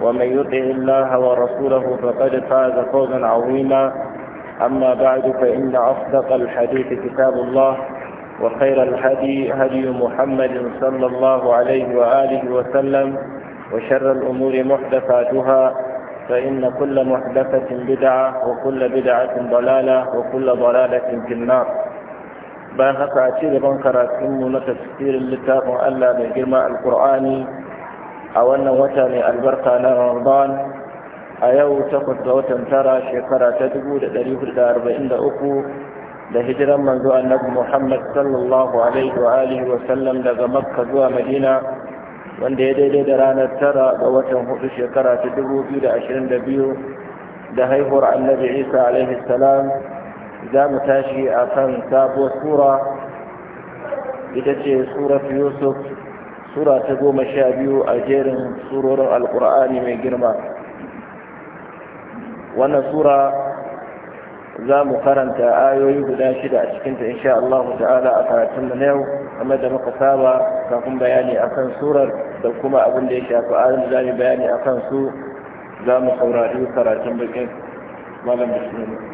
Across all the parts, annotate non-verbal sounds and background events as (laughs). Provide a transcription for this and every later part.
ومن يطع الله ورسوله فقد فاز فوزا عظيما أما بعد فإن أصدق الحديث كتاب الله وخير الهدي هدي محمد صلى الله عليه وآله وسلم وشر الأمور محدثاتها فإن كل محدثة بدعة وكل بدعة ضلالة وكل ضلالة في النار باهت عشير بنكرة من تفسير اللتاب ألا بجمع القرآني a wannan wata mai albarka na ramadan a yau takwas ga watan tara shekara ta 1443 da hijiran manzo annabi muhammad sallallahu alaihi wa alihi wa sallam daga makka zuwa madina wanda ya daidai da ranar tara ga watan hudu shekara ta 2022 da haihuwar annabi isa alaihi salam za mu tashi a kan sabuwar sura ita ce surat yusuf sura ta goma sha biyu a jerin surorin alkur'ani mai girma wannan sura za mu karanta ayoyi guda shida a cikinta insha Allah ta'ala a karatunmu na yau kamar da muka saba kafin bayani akan surar da kuma abin da ya shafi ayoyin da za mu bayani akan su za mu saurari karatun bakin malam bismillah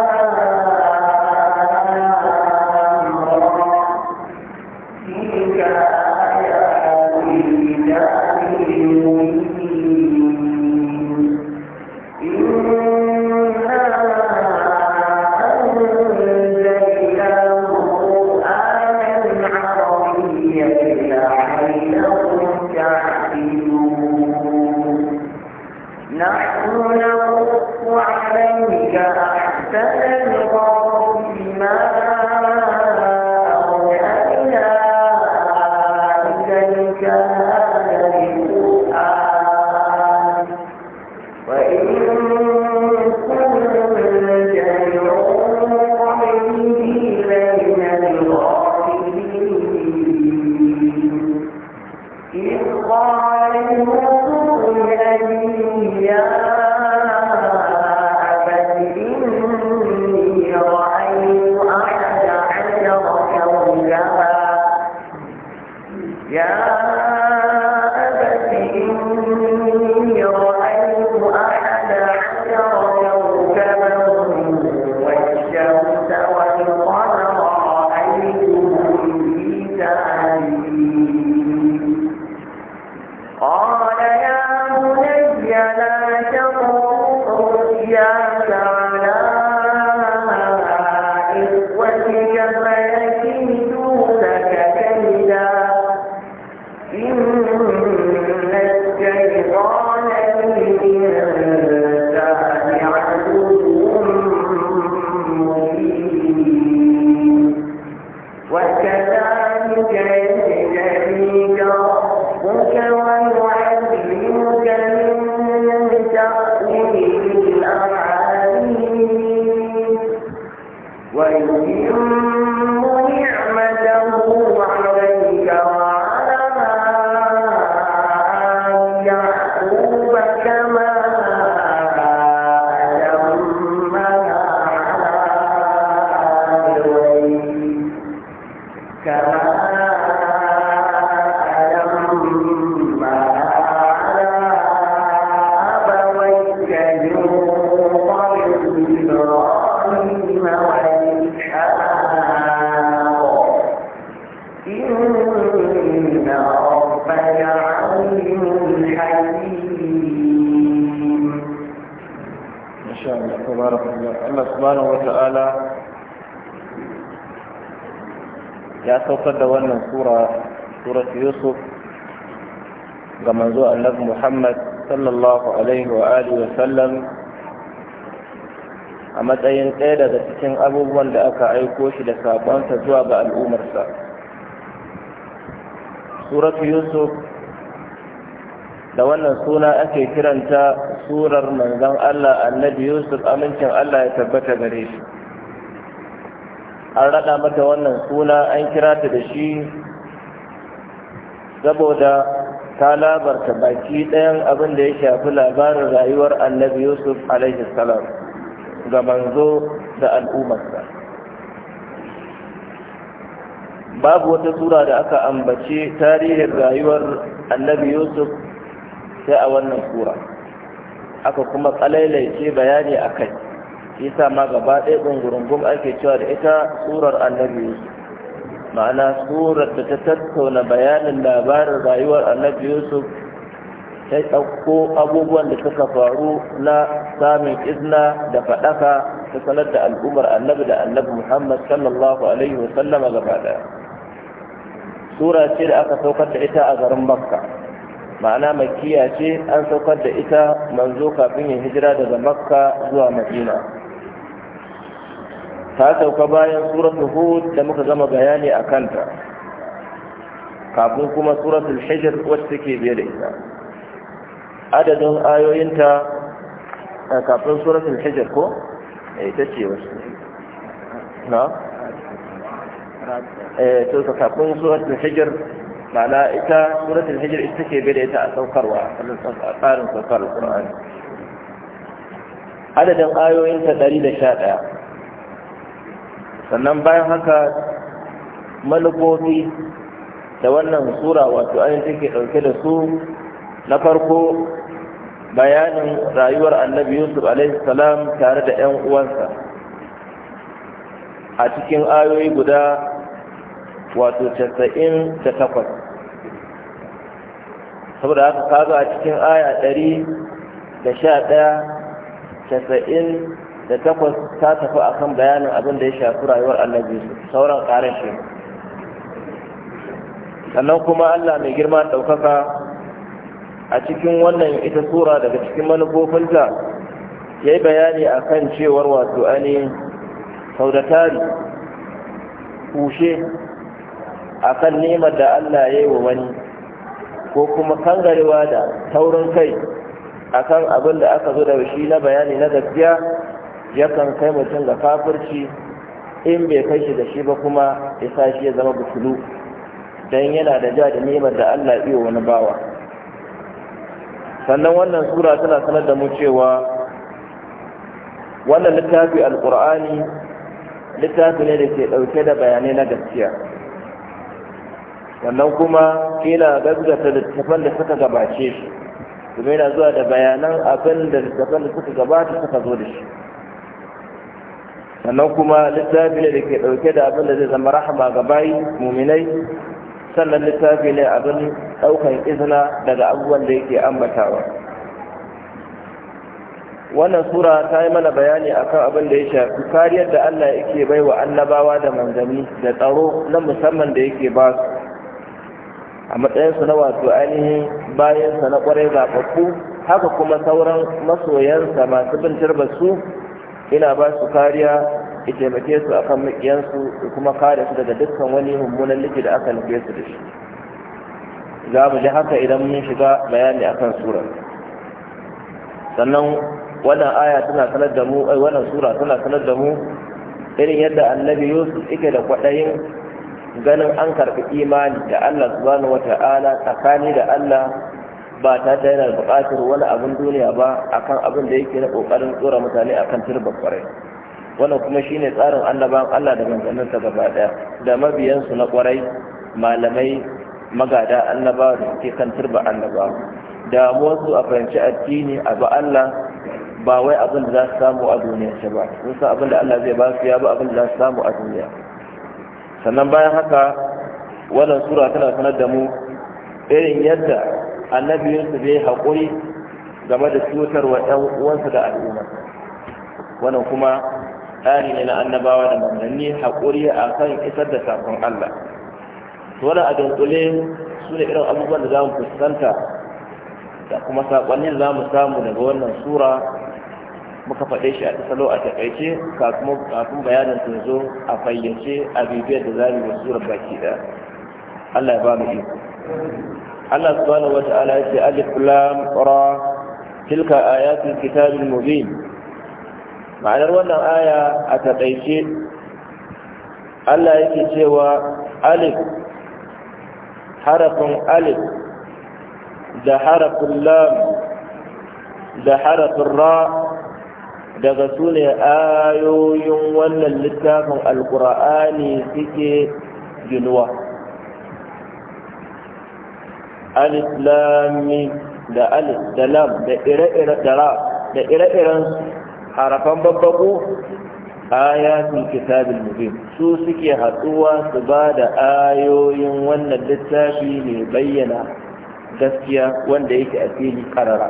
wannan sura sura yusuf ga manzo annabi muhammad sallallahu alaihi wa alihi wa sallam a matsayin ɗaya daga cikin abubuwan da aka aiko shi da saƙonsa zuwa ga al'ummarsa suratu yusuf da wannan suna ake kiranta surar manzon allah annabi yusuf amincin allah ya tabbata gare shi an raɗa mata wannan suna an kira ta da shi saboda ta labarta baki ɗayan abin da ya shafi labarin rayuwar annabi yusuf alaihi salam ga manzo da al'ummarsa babu wata tura da aka ambace tarihin rayuwar annabi yusuf sai a wannan tura aka kuma ce bayani a kai yasa ma gaba ɗaya ɗungurungun ake cewa da ita surar annabi yusuf ma'ana da ta tattauna bayanin labarin rayuwar annabi yusuf ta ɗauko abubuwan da suka faru na samun izna da faɗaka ta sanar da al'ummar annabi da annabi muhammad sallallahu alaihi gaba ɗaya sura ce da aka saukar da ita a garin makka ma'ana makiya ce an saukar da ita manzo kafin ya hijira daga makka zuwa madina ta sauka bayan suratul hud da muka gama bayani a kanta kafin kuma suratul hijr wacce take biye da ita adadin ayoyinta kafin suratul hijr ko eh, ita ce wasu na eh to kafin suratul hijr mana ita suratul hijr ita take biye da ita a saukarwa a tsarin saukar qur'ani adadin ayoyinta 111 sannan bayan haka manufofi da wannan sura wato ainihin take ɗauke da su na farko bayanin rayuwar annabi yusuf salam tare da 'yan uwansa a cikin ayoyi guda wato 98 saboda haka kaga a cikin aya ɗari da sha ɗaya da takwas ta tafi akan bayanin abin da ya shafi rayuwar annabi sauran karin shi sannan kuma allah mai girma ɗaukaka a cikin wannan ita sura daga cikin manufofinta ya bayani a cewar wato ainihin tari. kushe a kan neman da allah ya yi wa wani ko kuma kangarewa da taurin kai akan abin da aka zo da shi na bayani na gaskiya yakan kai mutum ga kafirci in bai kai shi da shi ba kuma ya sa shi ya zama butulu don yana da ja da nemar da Allah iya wani bawa sannan wannan sura tana sanar da mu cewa wannan littafi alkur'ani littafi ne da ke dauke da bayanai na gaskiya sannan kuma kila gaskata littafan da suka gabace shi kuma yana zuwa da bayanan abin da littafan da suka gabata suka zo da shi sannan kuma littafi ne da ke ɗauke da abin da zai zama rahama ga bayi muminai sannan littafi ne abin ɗaukan izina daga abubuwan da yake ambatawa wannan sura ta yi mana bayani akan abin da ya shafi kariyar da allah yake bai wa annabawa da manzanni da tsaro na musamman da yake ba su a matsayinsu na wato ainihin bayansa na kwarai zaɓaɓɓu haka kuma sauran masoyansa masu bin su ina ba su kariya ya taimake su akan makiyansu da kuma kare su daga dukkan wani mummunan liki da aka nufe su da shi za mu ji haka idan mun shiga bayani akan surar sannan wannan aya tana sanar da mu ai eh, wannan sura tana sanar da mu irin yadda annabi yusuf yake da kwaɗayin ganin an karɓi imani da allah subhanahu wata'ala tsakani da allah ba ta da yana buƙatar wani abin duniya ba akan abin da yake na ƙoƙarin tsora mutane akan turbar ƙwarai wannan kuma shine tsarin annabawan Allah da manzanninsa gaba ɗaya da mabiyansu na ƙwarai malamai magada annabawa da suke kan turba annabawa wasu a fahimci addini a ba Allah ba wai abin da za su samu a duniya ce ba sun san abin da Allah zai ba su ya ba abin da za su samu a duniya sannan bayan haka wannan sura tana sanar da mu irin yadda annabi yusuf bai yi haƙuri game da cutar wa ɗan uwansa da al'umma wannan kuma tsari ne na annabawa da manzanni haƙuri a kan isar da sakon allah wannan a dunkule su ne irin abubuwan da za mu fuskanta da kuma saƙonnin za mu samu daga wannan sura muka faɗe shi a tasalo a taƙaice kafin bayanin ta zo a fayyace a bibiyar da za mu yi surar baki ɗaya allah ya ba mu iko Allah subhanahu wata'ala ya ce alif lam ra tilka ayatul kitabil mubin ma'anar wannan aya a taƙaice Allah yake cewa alif harafin alif da harafin lam da harafin ra daga su ne ayoyin wannan littafin alkur'ani suke ginuwa alislami da alif da lam da ire iren harafan babbako ayatul kitabil mubin su suke haɗuwa su ba da ayoyin wannan littafi mai bayyana gaskiya wanda yake a fili karara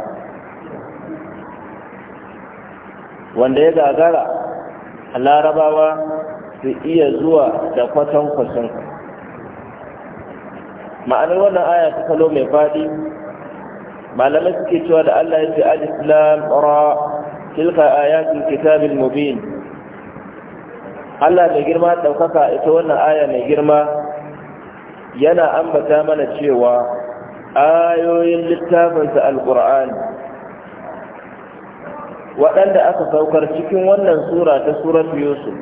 wanda ya gagara larabawa su iya zuwa da kwatan kwatanka ma'anar wannan aya ta kalo mai faɗi malamai suke cewa da Allah ya ce al-islam ra tilka ayatul kitabil mubin Allah mai girma ɗaukaka ita wannan aya mai girma yana ambata mana cewa ayoyin littafinsa alƙur'ani waɗanda aka saukar cikin wannan sura ta surat yusuf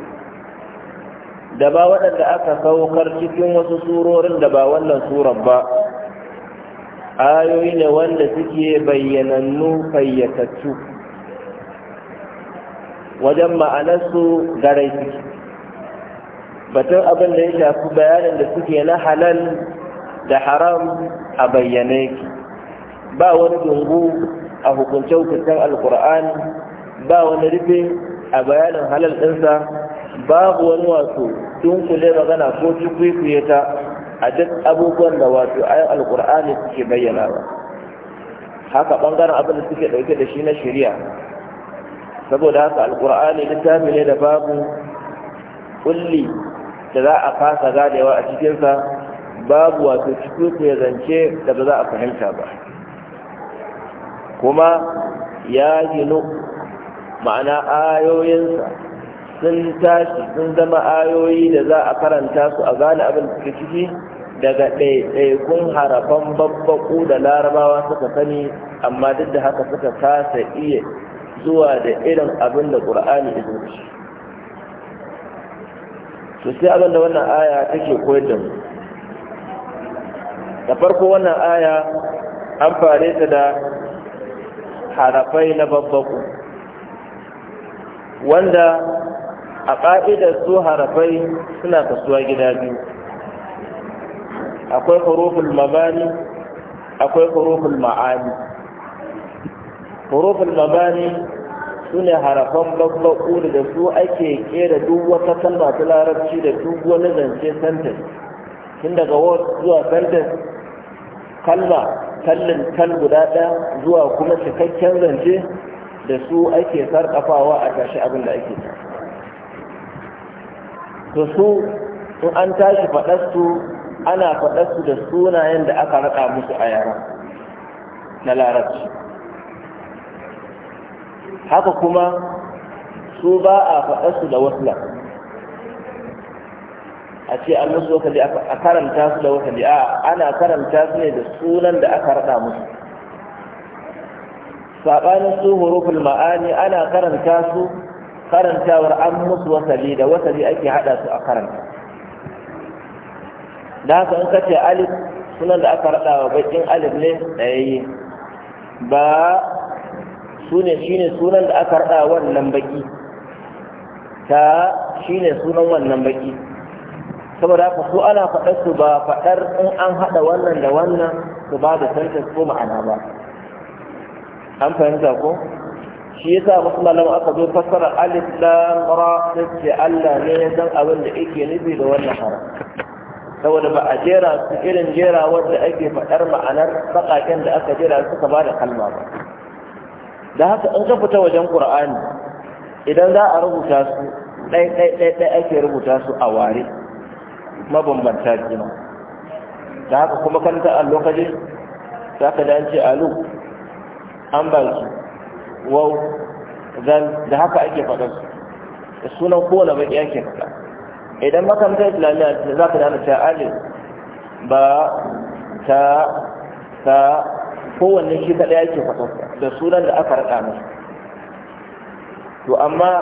da ba waɗanda aka saukar cikin wasu surorin da ba wannan surar ba ayoyi ne wanda suke bayyanannu fayyatattu wajen ma'anarsu garai suke batun abin da ya shafi bayanin da suke na halal da haram a bayyane ki ba wani dungu a hukunce-hukuncen alkur'ani ba wani rufe a bayanin halal ɗinsa babu wani wato Tun ne magana ko cikwikwiye ta a duk abubuwan da wato ayan alkur'ani suke bayyana ba haka bangaren abin da suke dauke da shi na shari'a saboda haka alkur'ani littafi ne da babu kulli da za a fasa ganewa a cikinsa babu wato cikwikwiye zance da ba za a fahimta ba kuma ya ginu ma'ana ayoyinsa sun tashi sun zama ayoyi da za a karanta su a gane abin da suke ciki daga ɗaiɗaikun harafan babbaƙu da larabawa suka sani amma duk da haka suka kasa iya zuwa da irin abin da ƙur'ani ya zuci su sai abin da wannan aya take koyar da mu da farko wannan aya an fare ta da harafai na babbaku wanda a ƙa'idar su harafai suna kasuwa gida biyu akwai huruful mabani akwai huruful ma'ani huruful mabani su ne harafan babbaƙu da su ake kera duk wata kalma ta larabci da duk wani zance santa tun daga wata zuwa santa kalma kallin kal guda ɗaya zuwa kuma cikakken zance da su ake sarƙafawa a tashi abin da ake tashi to su in an tashi faɗarsu ana faɗarsu da sunayen da aka raɗa musu a yara na larabci haka kuma su ba a faɗarsu da wasla a ce an musu wakali a karanta su da wakali a ana karanta su ne da sunan da aka raɗa musu saɓanin su hurufin ma'ani ana karanta su karantawar an musu wasali da wasali ake hada su a karanta da haka in kace alif sunan da aka raɗa wa bakin alif ne tsayayye ba su ne shi ne sunan da aka rada wannan baki ta shi ne sunan wannan baki saboda haka su ana faɗar su ba faɗar in an haɗa wannan da wannan su ba da tantar ko ma'ana ba an fahimta ko shi yasa wasu malama aka zo fassara alif lam ra sai Allah ne ya san abin da yake nufi da wannan haram saboda ba a jera su irin jera wanda ake faɗar ma'anar baƙaƙen da aka jera suka ba da kalma ba da haka in ka fita wajen ƙur'ani idan za a rubuta su ɗai-ɗai-ɗai ake rubuta su a ware mabambanta jima da haka kuma kanta a lokacin za ka dace alu an ba su waw zal da haka ake faɗin da sunan kowane baki ake faɗa idan makamta islamiyya za ka dana ta alif ba ta ta kowanne shi kaɗai ke faɗin da sunan da aka raɗa masa to amma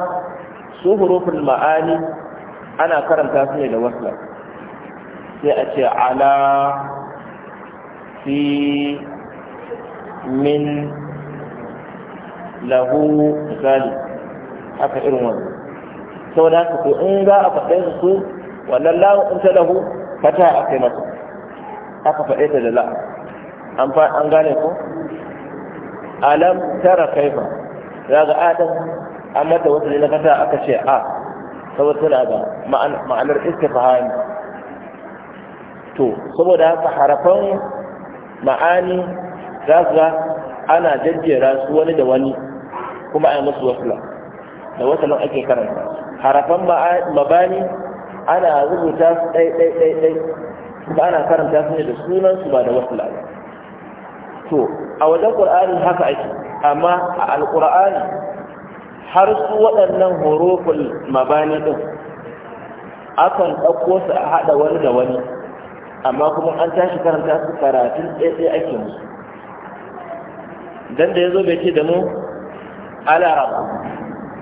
su hurufin ma'ani ana karanta su ne da wasu sai a ce ala fi min lahu misali haka irin wannan da haka ko in za a faɗe su su wannan lahu in ta lahu fata a kai mata haka faɗe ta da la'a. an fa an gane ko alam tara kaifa za ga adam an mata wata ne na kasa aka ce a saboda tana da ma'anar istifhami to saboda haka harafan ma'ani za ga ana jajjera su wani da wani kuma a yi musu wasla da wasalan ake karanta harafan mabani ana rubuta su ɗai ɗai ɗai ɗai kuma ana karanta su ne da sunansu ba da wasu ba to a wajen ƙur'ani haka ake amma a alƙur'ani har su waɗannan horofin mabani ɗin akan ɗauko su a haɗa wani da wani amma kuma an tashi karanta su karatun ɗaya ake musu dan da ya zo bai ce da mu alarama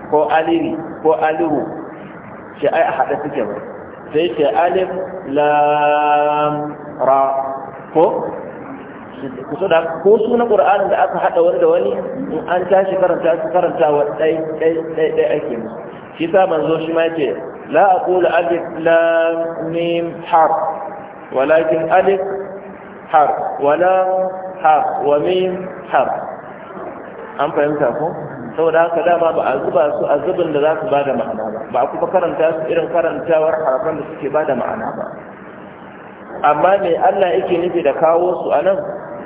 ko aliri ko aliru shi ai a haɗe suke ba sai ce alif lam ra ko kusa da ko da aka haɗa wani da wani in an tashi karanta su karanta wa ɗai ɗai ake musu shi sa manzo shi ma ce la aqulu alif lam mim har walakin alif har wala har wa mim har an fahimta ko saboda haka dama ba a zuba su a zubin da za su ba da ma'ana ba ba a kuma karanta su irin karantawar harafan da suke ba da ma'ana ba amma me allah yake nufi da kawo su a nan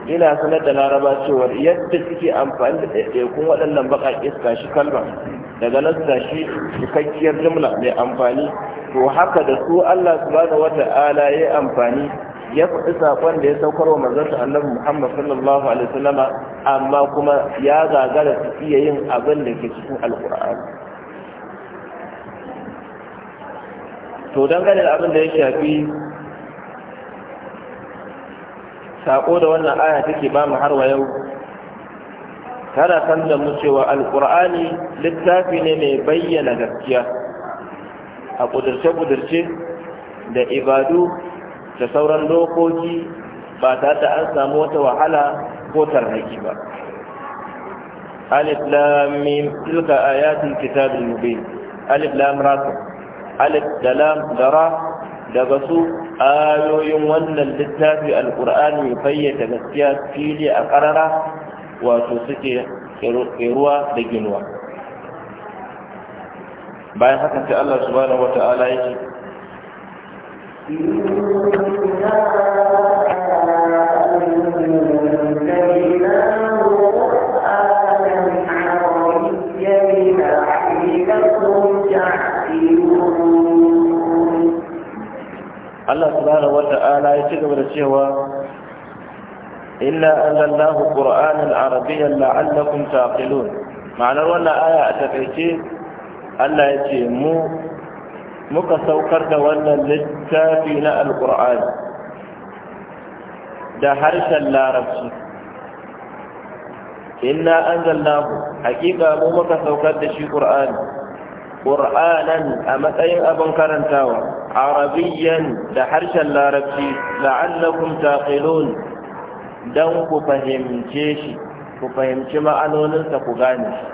ina sanar da laraba cewa yadda suke amfani da ɗaiɗaikun waɗannan baƙaƙe su tashi kalma daga nan su tashi cikakkiyar jumla mai amfani to haka da su allah subhanahu wata'ala ya amfani ya faɗi saƙon da ya saukar wa manzansa annabi Muhammad sallallahu alaihi wasallama amma kuma ya gagara su iya yin abin da ke cikin alƙur'ani to don ganin abin da ya shafi saƙo da wannan aya take ba mu har yau tana san da mu cewa alƙur'ani littafi ne mai bayyana gaskiya a ƙudurce-ƙudurce da ibadu da sauran dokoki ba tare da an samu wata wahala ko tarnaki ba alif lam mim tilka ayatul kitabil mubin alif lam ra alif da lam da ra daga su ayoyin wannan littafi alqur'ani mai fayyata gaskiya fili a karara wato suke ruwa da ginuwa bayan haka sai Allah subhanahu wata'ala yake subhanahu wata'ala ya ci gaba da cewa illa anzalnahu qur'anan arabiyyan la'allakum taqilun ma'anar wannan aya a takaice Allah ya ce mu muka saukar da wannan littafi na alqur'ani da harshen larabci inna anzalnahu haqiqa mu muka saukar da shi qur'ani ƙur'anan a matsayin abin karantawa arabiyyan da harshen larabci la'allakum taqilun dan ku fahimce shi ku ma'anoninsa ku gane shi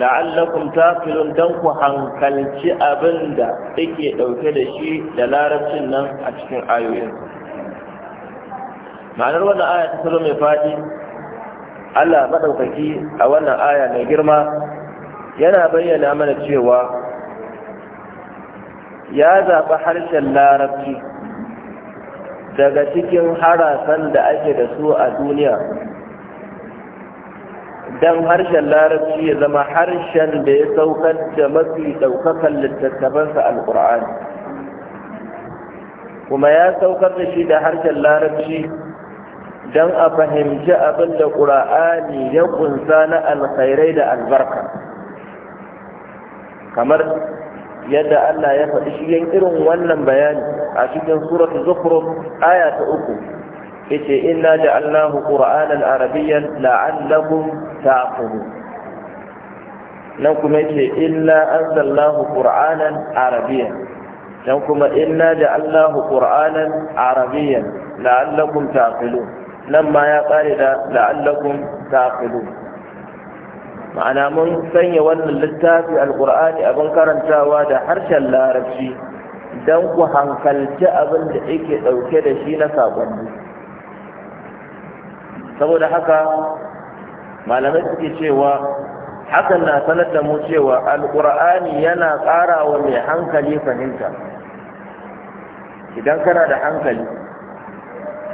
la'allakum taqilun dan ku hankalci abinda da yake ɗauke da shi da larabcin nan a cikin ayoyin ma'anar wannan aya ta salo mai fadi Allah maɗaukaki a wannan aya mai girma yana bayyana mana cewa ya zaɓi harshen larabci daga cikin harasan da ake da su a duniya don harshen larabci ya zama harshen da ya saukar da mafi ɗaukakan littattafansa alƙur'ani kuma ya saukar da shi da harshen larabci don a fahimci abin da ƙura'ani ya ƙunsa na alkhairai da albarka kamar yadda Allah ya faɗi shi yan irin wannan bayani a cikin suratul zukhruf aya ta uku yace inna ja'alnahu qur'anan arabiyyan la'allakum ta'qilun nan kuma yace illa anzalallahu qur'anan arabiyyan nan kuma inna ja'alnahu qur'anan arabiyyan la'allakum ta'qilun nan ma ya kare da la'allakum ta'qilun ma'ana mun sanya wannan littafi alkur'ani abin karantawa da harshen larabci don ku hankalci abin da yake ɗauke da shi na saƙonni saboda haka malamai suke cewa hakan na sanar da mu cewa alkur'ani yana ƙara wa mai hankali fahimta idan kana da hankali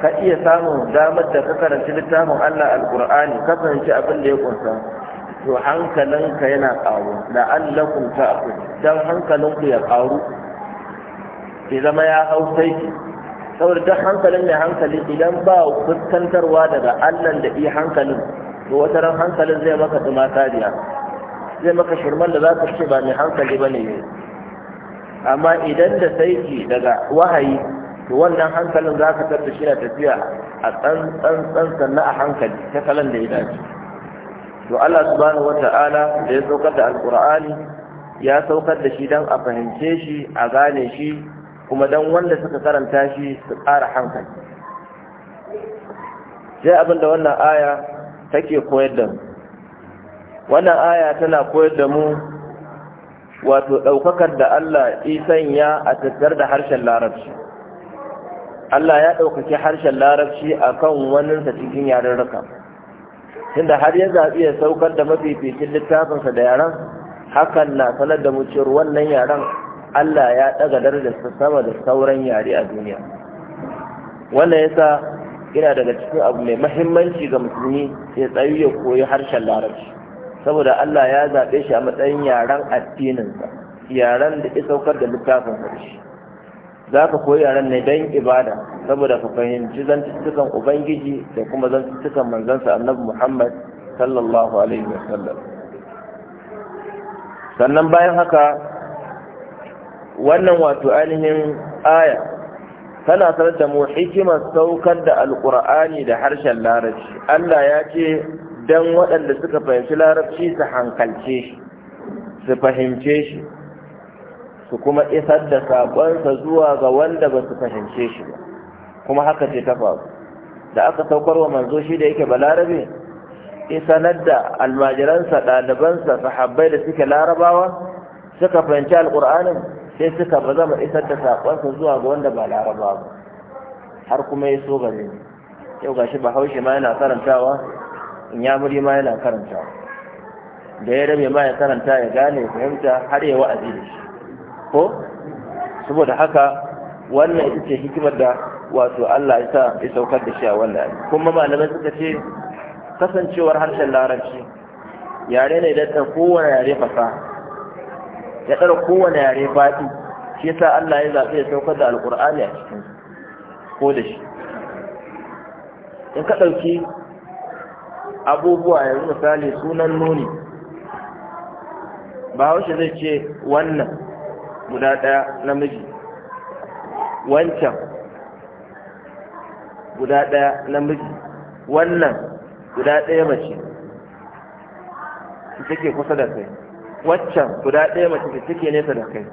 ka iya samun damar da ka karanci littafin allah alkur'ani ka fahimci abin da ya kunsa to hankalinka yana ƙaru da allakun ta'akun don hankalinku ya ƙaru ke zama ya hau sai saboda duk hankalin mai hankali idan ba fuskantarwa daga allan da iya hankalin to wata ran hankalin zai maka tsuma kariya zai maka shirman da za ka ce ba mai hankali ba ne amma idan da saiki daga wahayi to wannan hankalin za ka tattashi na tafiya a tsantsan na a hankali ta kalan da ya dace to Allah subhanahu wata'ala da ya saukar da alkur'ani ya saukar da shi dan a fahimce shi a gane shi kuma dan wanda suka karanta shi su ƙara hankali sai abinda wannan aya take koyar da mu wannan aya tana koyar da mu wato ɗaukakar da Allah isan ya a tattar da harshen larabci Allah ya ɗaukaki harshen larabci a kan sa cikin yarurruka tunda har ya zaɓi ya saukar da mafificin littafinsa da yaran hakan na sanar da mu wannan yaren Allah ya ɗaga darajarsa sama da sauran yare a duniya wannan yasa yana daga cikin abu mai mahimmanci ga musulmi ya tsayu ya koyi harshen larabci saboda Allah ya zaɓe shi a matsayin yaren addininsa yaren da ya saukar da littafinsa da za ka koyi ran ne dan ibada saboda ka fahimci zantuttukan ubangiji da kuma zantuttukan manzansa annabi muhammad sallallahu alaihi wasallam sannan bayan haka wannan wato ainihin aya tana sanar da mu hikimar saukar da alkur'ani da harshen larabci allah ya ce don waɗanda suka fahimci larabci su hankalce shi su fahimce shi su kuma isar da saƙonsa zuwa ga wanda ba su fahimce shi ba kuma haka ce ta faru da aka saukar wa manzo shi da yake balarabe isanar da almajiransa ɗalibansa sahabbai da suke larabawa suka fahimci alƙur'anin sai suka ba zama isar da saƙonsa zuwa ga wanda ba laraba ba har kuma ya so gare yau gashi bahaushe ma yana karantawa in ya muri ma yana karantawa da ya rabe ma ya karanta ya gane ya fahimta har ya wa'azi da shi ko saboda haka wannan ita ce hikimar da wato Allah ya sa ya saukar da shi a wannan kuma malamai suka ce kasancewar harshen larabci yare ne da ta kowane yare fasa ya ɗara kowane yare faɗi shi yasa Allah ya zaɓi ya saukar da alƙur'ani a cikin ko da shi in ka ɗauki abubuwa yanzu misali sunan nuni ba haushe zai ce wannan guda ɗaya namiji wancan guda ɗaya namiji wannan guda ɗaya mace da take kusa da kai waccan guda ɗaya mace da take nesa da kai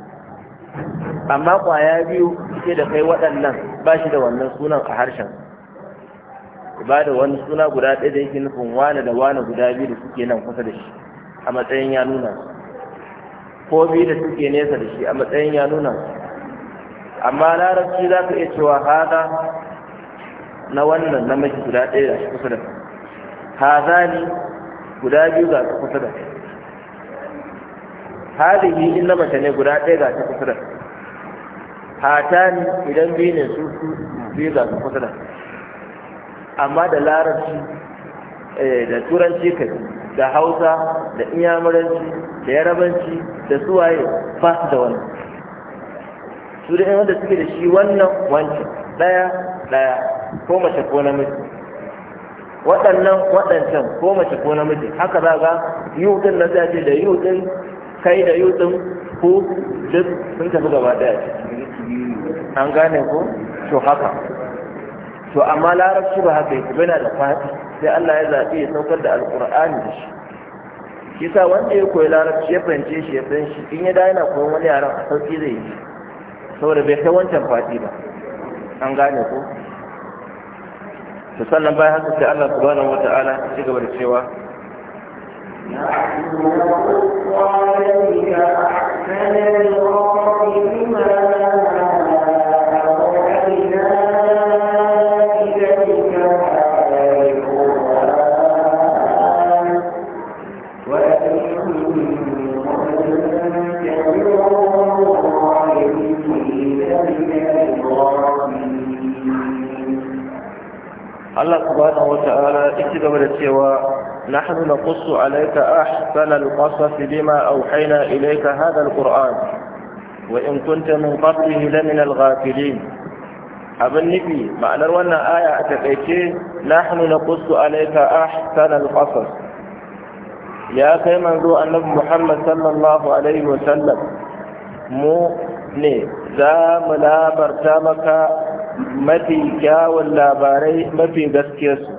amma ƙwaya biyu suke da kai waɗannan ba shi da wannan sunan a harshen ba da wani suna guda ɗaya da yake nufin wane da wane guda biyu da suke nan kusa da shi a matsayin ya nuna su ko biyu da suke nesa da shi a matsayin ya nuna amma larabci za ka iya cewa haza na wannan namiji guda ɗaya da shi kusa da haza ne guda biyu ga su kusa da hadihi in na mace ne guda ɗaya ga su kusa da hata ne idan biyu ne su biyu ga su kusa da amma da larabci eh, da turanci kai da hausa da inyamuranci da yarabanci da suwaye ba su da wannan su da yan wanda suke da shi wannan wancan ɗaya ɗaya ko mace ko namiji waɗannan waɗancan ko mace ko namiji haka za ga yudin na zaje da yudin kai da yudin ko duk sun tafi gaba ɗaya an gane ko to haka to amma larabci ba haka yake yana da fati sai Allah ya zaɓi ya saukar da alƙur'ani da shi kisa wanda ya koyi larabci ya fahimce shi ya san shi in ya da yana koyon wani yaran a sauƙi zai yi saboda bai kai wancan fati ba an gane ko to sannan bayan haka sai Allah subhanahu wata'ala ya ci gaba da cewa نحن نقص عليك أحسن الغرب بما Allah subhanahu wata'ala yake gaba da cewa nahnu naqussu alayka ahsana alqasas bima awhayna ilayka hadha alquran wa in kunta min qablihi lamina alghafilin abin nufi ma'anar wannan aya a taƙaice nahnu naqussu alayka ahsana alqasas ya kai manzo annabi Muhammad sallallahu alaihi wa sallam mu ne za mu labarta maka mafi kyawun labarai mafi gaskiyarsu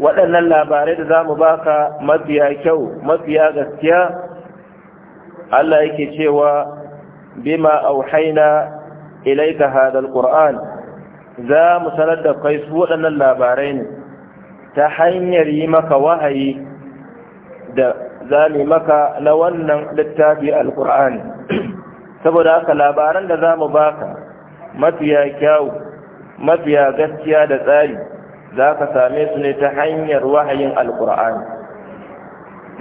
waɗannan labarai da za mu baka mafiya kyau mafiya gaskiya Allah yake cewa bima auhaina ilaika hadal qur'an za mu sanar da kai su waɗannan labarai ne ta hanyar yi maka wahayi da zane maka na wannan littafi Alƙur'ani. (clears throat) saboda haka labaran da za mu baka mafiya kyawu mafiya gaskiya da tsari za ka same su ne ta hanyar wahayin alkur'ani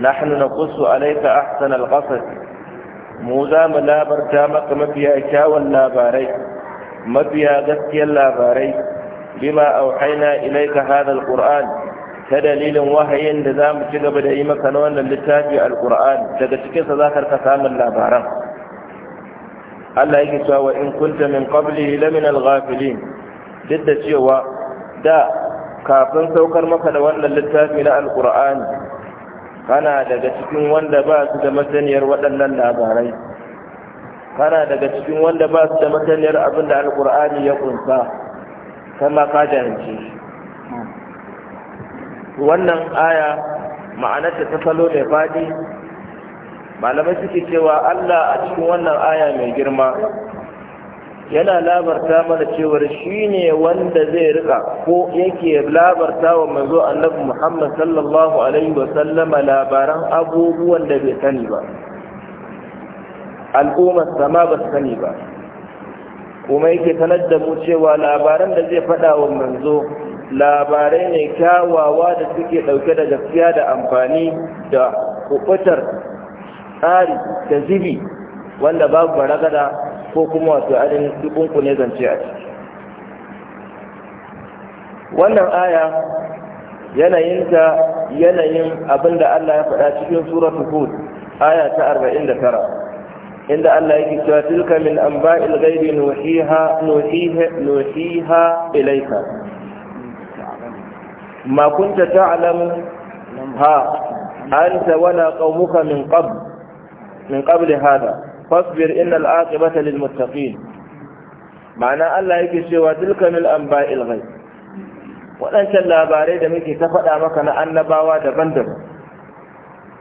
nahnu naqussu alaika ahsana alqasas mu za mu labarta maka mafiya kyawun labarai mafiya gaskiyar labarai bima auhaina ilayka hada alqur'an ta dalilin wahayin da za mu ci gaba da yi maka na wannan littafi alqur'an daga cikinsa za ka samun labaran Allah yake cewa wa in kunta min qablihi lamina al-ghafilin duk da cewa da kafin saukar maka da wannan littafi na alqur'ani kana daga cikin wanda ba su da masaniyar waɗannan labarai kana daga cikin wanda ba su da masaniyar abin da alqur'ani ya kunsa kama ka jahilce wannan aya ma'anarta ta salo mai faɗi malamai suke cewa Allah a cikin wannan aya mai girma yana labarta mana cewar shi ne wanda zai rika ko yake labarta wa manzo annabi Muhammad sallallahu alaihi wa sallama labaran abubuwan da bai sani ba al'ummar sama ba sani ba kuma yake sanar da mu cewa labaran da zai faɗa wa manzo labarai ne kyawawa da suke ɗauke da gaskiya da amfani da kubutar tsari da zibi wanda babu baragada ko kuma wato adin dukunku ne zance a ciki wannan aya yanayinta yanayin abinda Allah ya faɗa cikin suratul hud aya ta 49 inda Allah yake cewa tilka min anba'il ghaibi nuhiha nuhiha nuhiha ilayka ma kunta ta'lamu ha anta wala qaumuka min qabl min qabli hada fasbir innal aqibata lil muttaqin ma'ana Allah yake cewa tilka mil anba'il ghaib waɗancan labarai da muke ta faɗa maka na annabawa daban-daban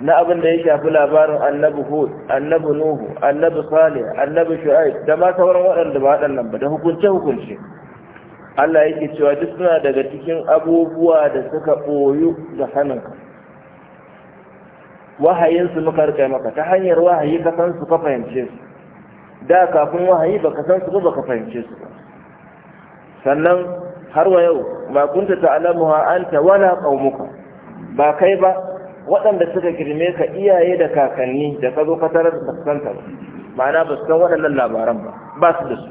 na abin da ya shafi labarin annabi hud annabi nuhu annabi salih annabi shu'aib da ma sauran waɗanda ba waɗannan ba da hukunce-hukunce Allah yake cewa duk suna daga cikin abubuwa da suka ɓoyu da hannunka wahayinsu muka rika maka ta hanyar wahayi ka san su ka fahimce su da kafin wahayi ba ka san su ba fahimce su sannan har wa yau ba kunta ta'lamuha anta wala qaumuka ba kai ba waɗanda suka girme ka iyaye da kakanni da ka zo ka tarar da santa ba ma'ana ba su san waɗannan labaran ba ba su da su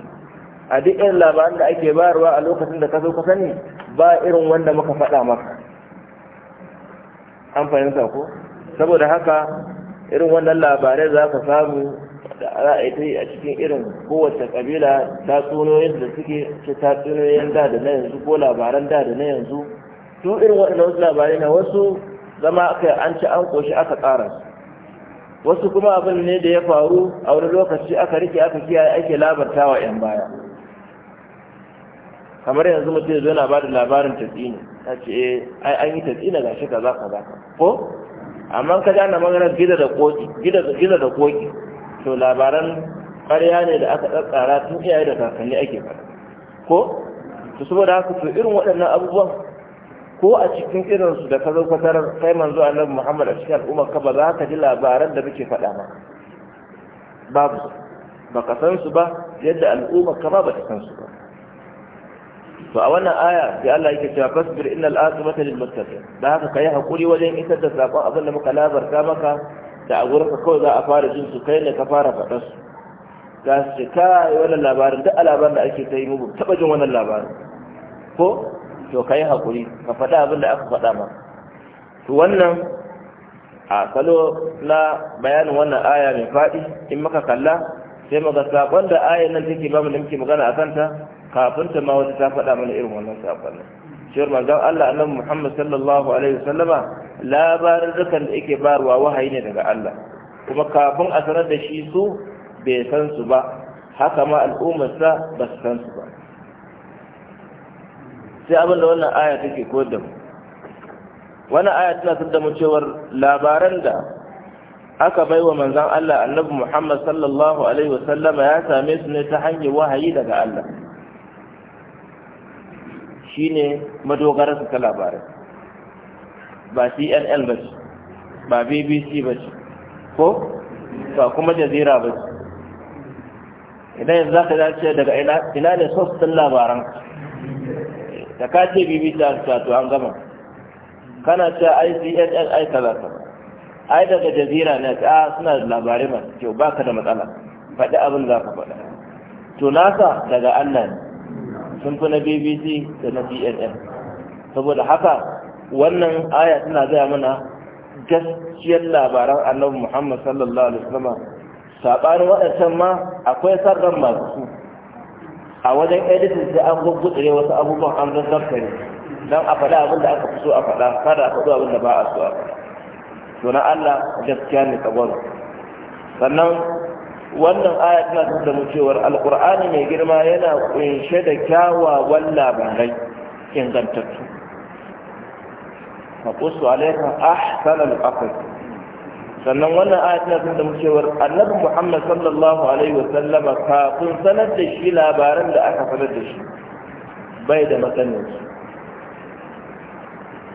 a duk irin labaran da ake bayarwa a lokacin da ka zo ka sani ba irin wanda muka faɗa maka an fahimta ko saboda haka irin wannan labarai za ka samu da za a yi a cikin irin kowace kabila tatsuniyoyin da suke ce tatsuniyoyin da da na yanzu ko labaran da da na yanzu su irin waɗannan wasu labarai na wasu zama aka an ci an koshi aka ƙara wasu kuma abin ne da ya faru a wani lokaci aka rike aka kiyaye ake labarta wa 'yan baya kamar yanzu mutum ya zo na ba da labarin tatsini ta ce eh, ai an yi tatsina ga shi kaza kaza ko amma ka ji ana maganar gida da koki da koki to labaran ƙarya ne da aka tsatsara tun iyaye da kakanni ake fara ko to saboda haka to irin waɗannan abubuwan ko a cikin irinsu da ka zo fatarar kai manzo annabi muhammad a cikin al'ummar ka ba za ka ji labaran da muke faɗa ba babu ba ka san su ba yadda al'ummar ka ba ba ta san su ba to a wannan aya sai Allah yake cewa fasbir innal aqibata lil muttaqin da haka kai hakuri wajen isar da sakon abin da muka labarta maka da a gurin ka kawai za a fara jin su kai ne ka fara faɗa su Ga su ta yi wannan labarin duk labarin da ake ta yi mu taɓa jin wannan labarin ko to kai hakuri ka faɗa abin da aka faɗa ma. to wannan a salo na bayanin wannan aya mai faɗi in maka kalla sai muka sakon da ayan nan take ba mu da muke magana a kanta kafin ta ma wata ta faɗa mana irin wannan saƙonni cewar manzon Allah annabi Muhammad sallallahu alaihi wasallama labarin dukan da yake barwa wahayi ne daga Allah kuma kafin a sanar da shi su bai san su ba haka ma al'ummarsa ba su san su ba sai abin da wannan aya take koyar da mu wannan aya tana sanar da mu cewar labaran da aka bai wa manzon Allah annabi Muhammad sallallahu alaihi wasallama ya same su ne ta hanyar wahayi daga Allah Shi ne madogararsa ta labarai ba cnn ba ce ba bbc ba ce ko ba kuma jazira ba ce idan yanzu za ka dace daga ina ne sos ɗin labaran da ka ce bbc a to an gama kana ce icnn ai ka kaza ai daga jazira ne a suna da labarai masu kyau ba ka da matsala faɗi abin za ka faɗa to nasa daga allah ne sun fi na bbc da na cnn saboda haka wannan aya tana gaya mana gaskiyar labaran annabi muhammad sallallahu alaihi wasallam saɓanin waɗancan ma akwai sarran masu su a wajen editin sai an guggutsire wasu abubuwan an zazzarta ne don a faɗa abin da aka fi so a faɗa kada a faɗo abin da ba a so a faɗa to allah gaskiya ne tsagwaro sannan wannan aya tana sanar da mu cewar alqur'ani mai girma yana kunshe da kyawawan labarai ingantattu faqusu alayka ahsan al akwai sannan wannan aya tana sanar da mu cewar annabi Muhammad sallallahu alaihi wa sallama kafin sanar da shi labaran da aka sanar da shi bai da matsayin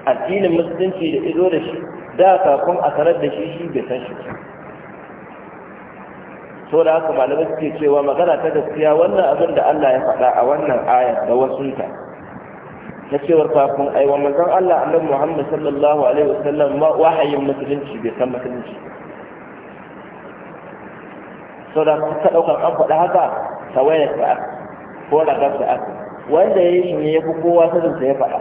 addinin musulunci da izo da shi da kafin a sanar da shi shi bai san shi to da haka malamai suke cewa magana ta gaskiya wannan abin da Allah ya faɗa a wannan ayar da wasu ta, ta cewar kafin aiwa manzon Allah annabi Muhammad sallallahu alaihi wasallam wahayin musulunci bai san musulunci sau da ta ɗaukar an faɗa haka tawayar ta aka ko ragar ta aka wanda ya yi shi ne ya fi kowa sanin ta ya faɗa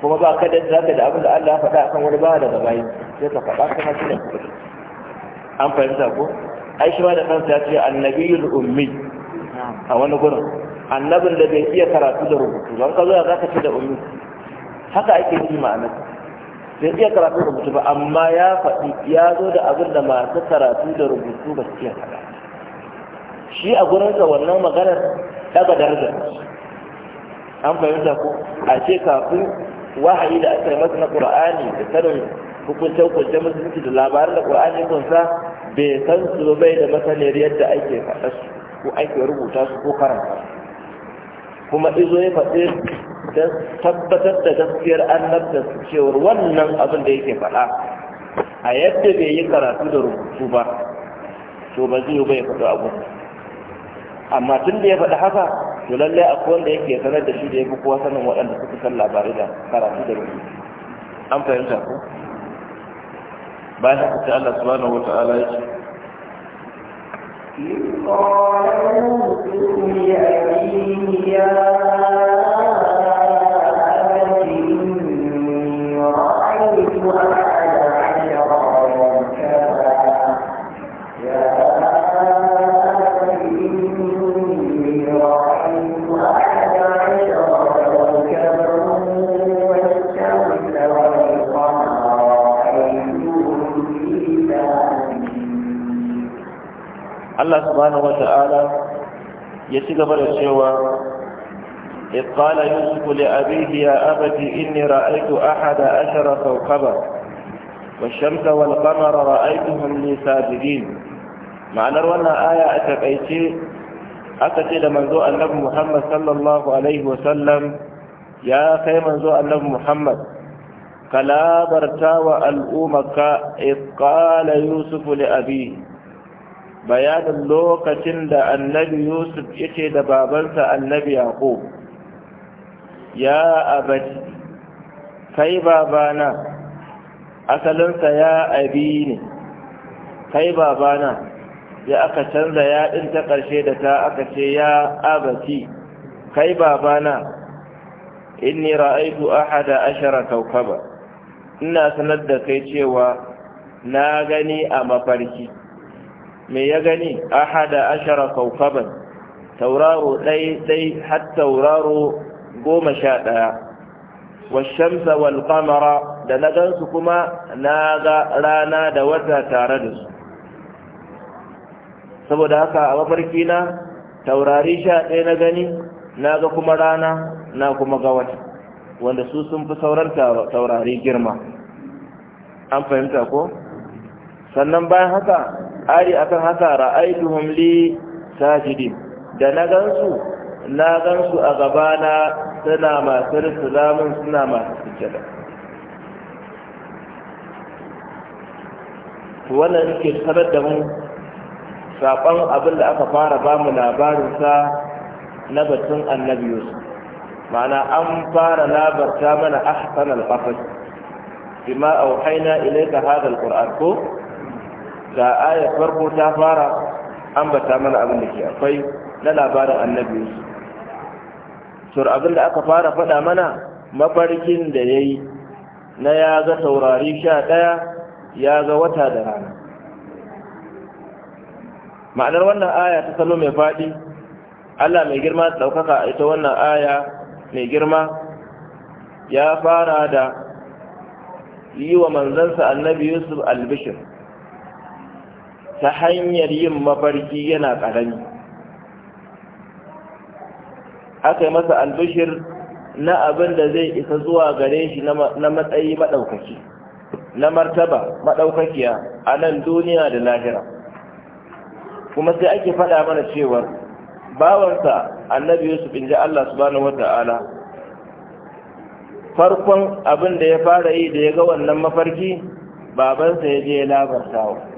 kuma ba ka da zaka da abin da Allah ya faɗa akan wani ba daga bayan sai ka faɗa kana shi da an fahimta ko ai shi ma da kansa ya ce annabiyul ummi a wani gudun. annabin da bai iya karatu da rubutu ba ka zo za ka ce da ummi haka ake yi ma'ana bai iya karatu da rubutu ba amma ya faɗi ya zo da abin da masu karatu da rubutu ba su iya faɗa shi a gurinsa wannan maganar daga daraja an fahimta ko a ce kafin wahayi da aka yi masa na ƙur'ani da sanin hukuncin kwanciyar musulunci da labarin da ƙur'ani kunsa bai san su bai da masaniyar yadda ake faɗa su ko ake rubuta su ko karanta kuma izo ya faɗi don tabbatar da gaskiyar annabta su cewar wannan abin da yake faɗa a yadda bai yi karatu da rubutu ba to ba zai bai faɗi abu amma tun da ya faɗi haka to lallai akwai wanda yake sanar da shi da ya fi kowa sanin waɗanda suka san labarai da karatu da rubutu an fahimta ko bayan haka sai Allah subhanahu wata'ala ya ce قال يوسف subhanahu wata'ala ya ci gaba da cewa iqala yusuf li abihi ya abati inni ra'aytu ahada ashara kawkaba wa shamsa wal qamara ra'aytuhum li sajidin ma'anar wannan aya a takaice aka ce da manzo annabi muhammad sallallahu alaihi wa sallam ya kai manzo annabi muhammad kalabarta wa al'umma ka iqala yusuf li bayanin lokacin da annabi yusuf yake da babansa annabi Yaƙo ya abati kai babana asalinsa ya abi ne kai babana ya aka canza ya ɗin ta ƙarshe da ta aka ce ya abati kai babana inni ra'aitu ahada ashara kaukaba ina sanar da kai cewa na gani a mafarki me ya gani ahada ashara kaukaban tauraro ɗai ɗai har tauraro goma sha ɗaya washamsa wal da na gansu kuma na ga rana da wata tare da su saboda haka a mafarki na taurari sha ɗaya na gani na ga kuma rana na kuma ga wata wanda su sun fi sauran taurari girma an fahimta ko sannan bayan haka ari akan haka ra'aituhum li sajidin da na gansu na gansu a gabana suna masu risalamin suna masu sujjada wannan ke sanar da mu saƙon abin da aka fara ba mu labarinsa na batun annabi ma'ana an fara labarta mana ahsan al-qasas bima auhayna ilayka hadha al-qur'an ko ga ayar farko ta fara ambata mana abin da ke akwai na labarin annabi yusuf sur abin da aka fara faɗa mana mafarkin da ya yi na ya ga taurari sha ɗaya ya ga wata da rana ma'anar wannan aya ta salo mai faɗi allah mai girma ɗaukaka ita wannan aya mai girma ya fara da yi wa manzansa annabi yusuf albishir ta hanyar yin mafarki yana ƙarami aka yi masa albishir na abin da zai isa zuwa gare shi na matsayi maɗaukaki na martaba maɗaukakiya a nan duniya da lahira kuma sai ake faɗa mana cewar bawansa annabi yusuf in ji allah subhanahu wata'ala farkon abin da ya fara yi da ya ga wannan mafarki babansa ya je ya wa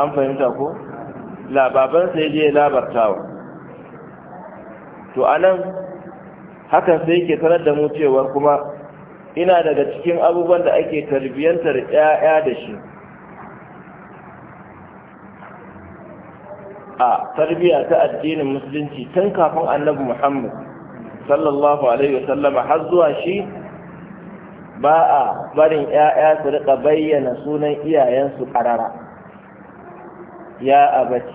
an fahimta ko lababan sai je labartawa to anan hakan sai ke sanar da mu cewa kuma ina daga cikin abubuwan da ake tarbiyantar ƴaƴa da shi a tarbiya ta addinin musulunci tun kafin annabi Muhammad sallallahu alaihi wasallama har zuwa shi ba a barin ƴaƴa su riƙa bayyana sunan iyayensu ƙarara ya abaci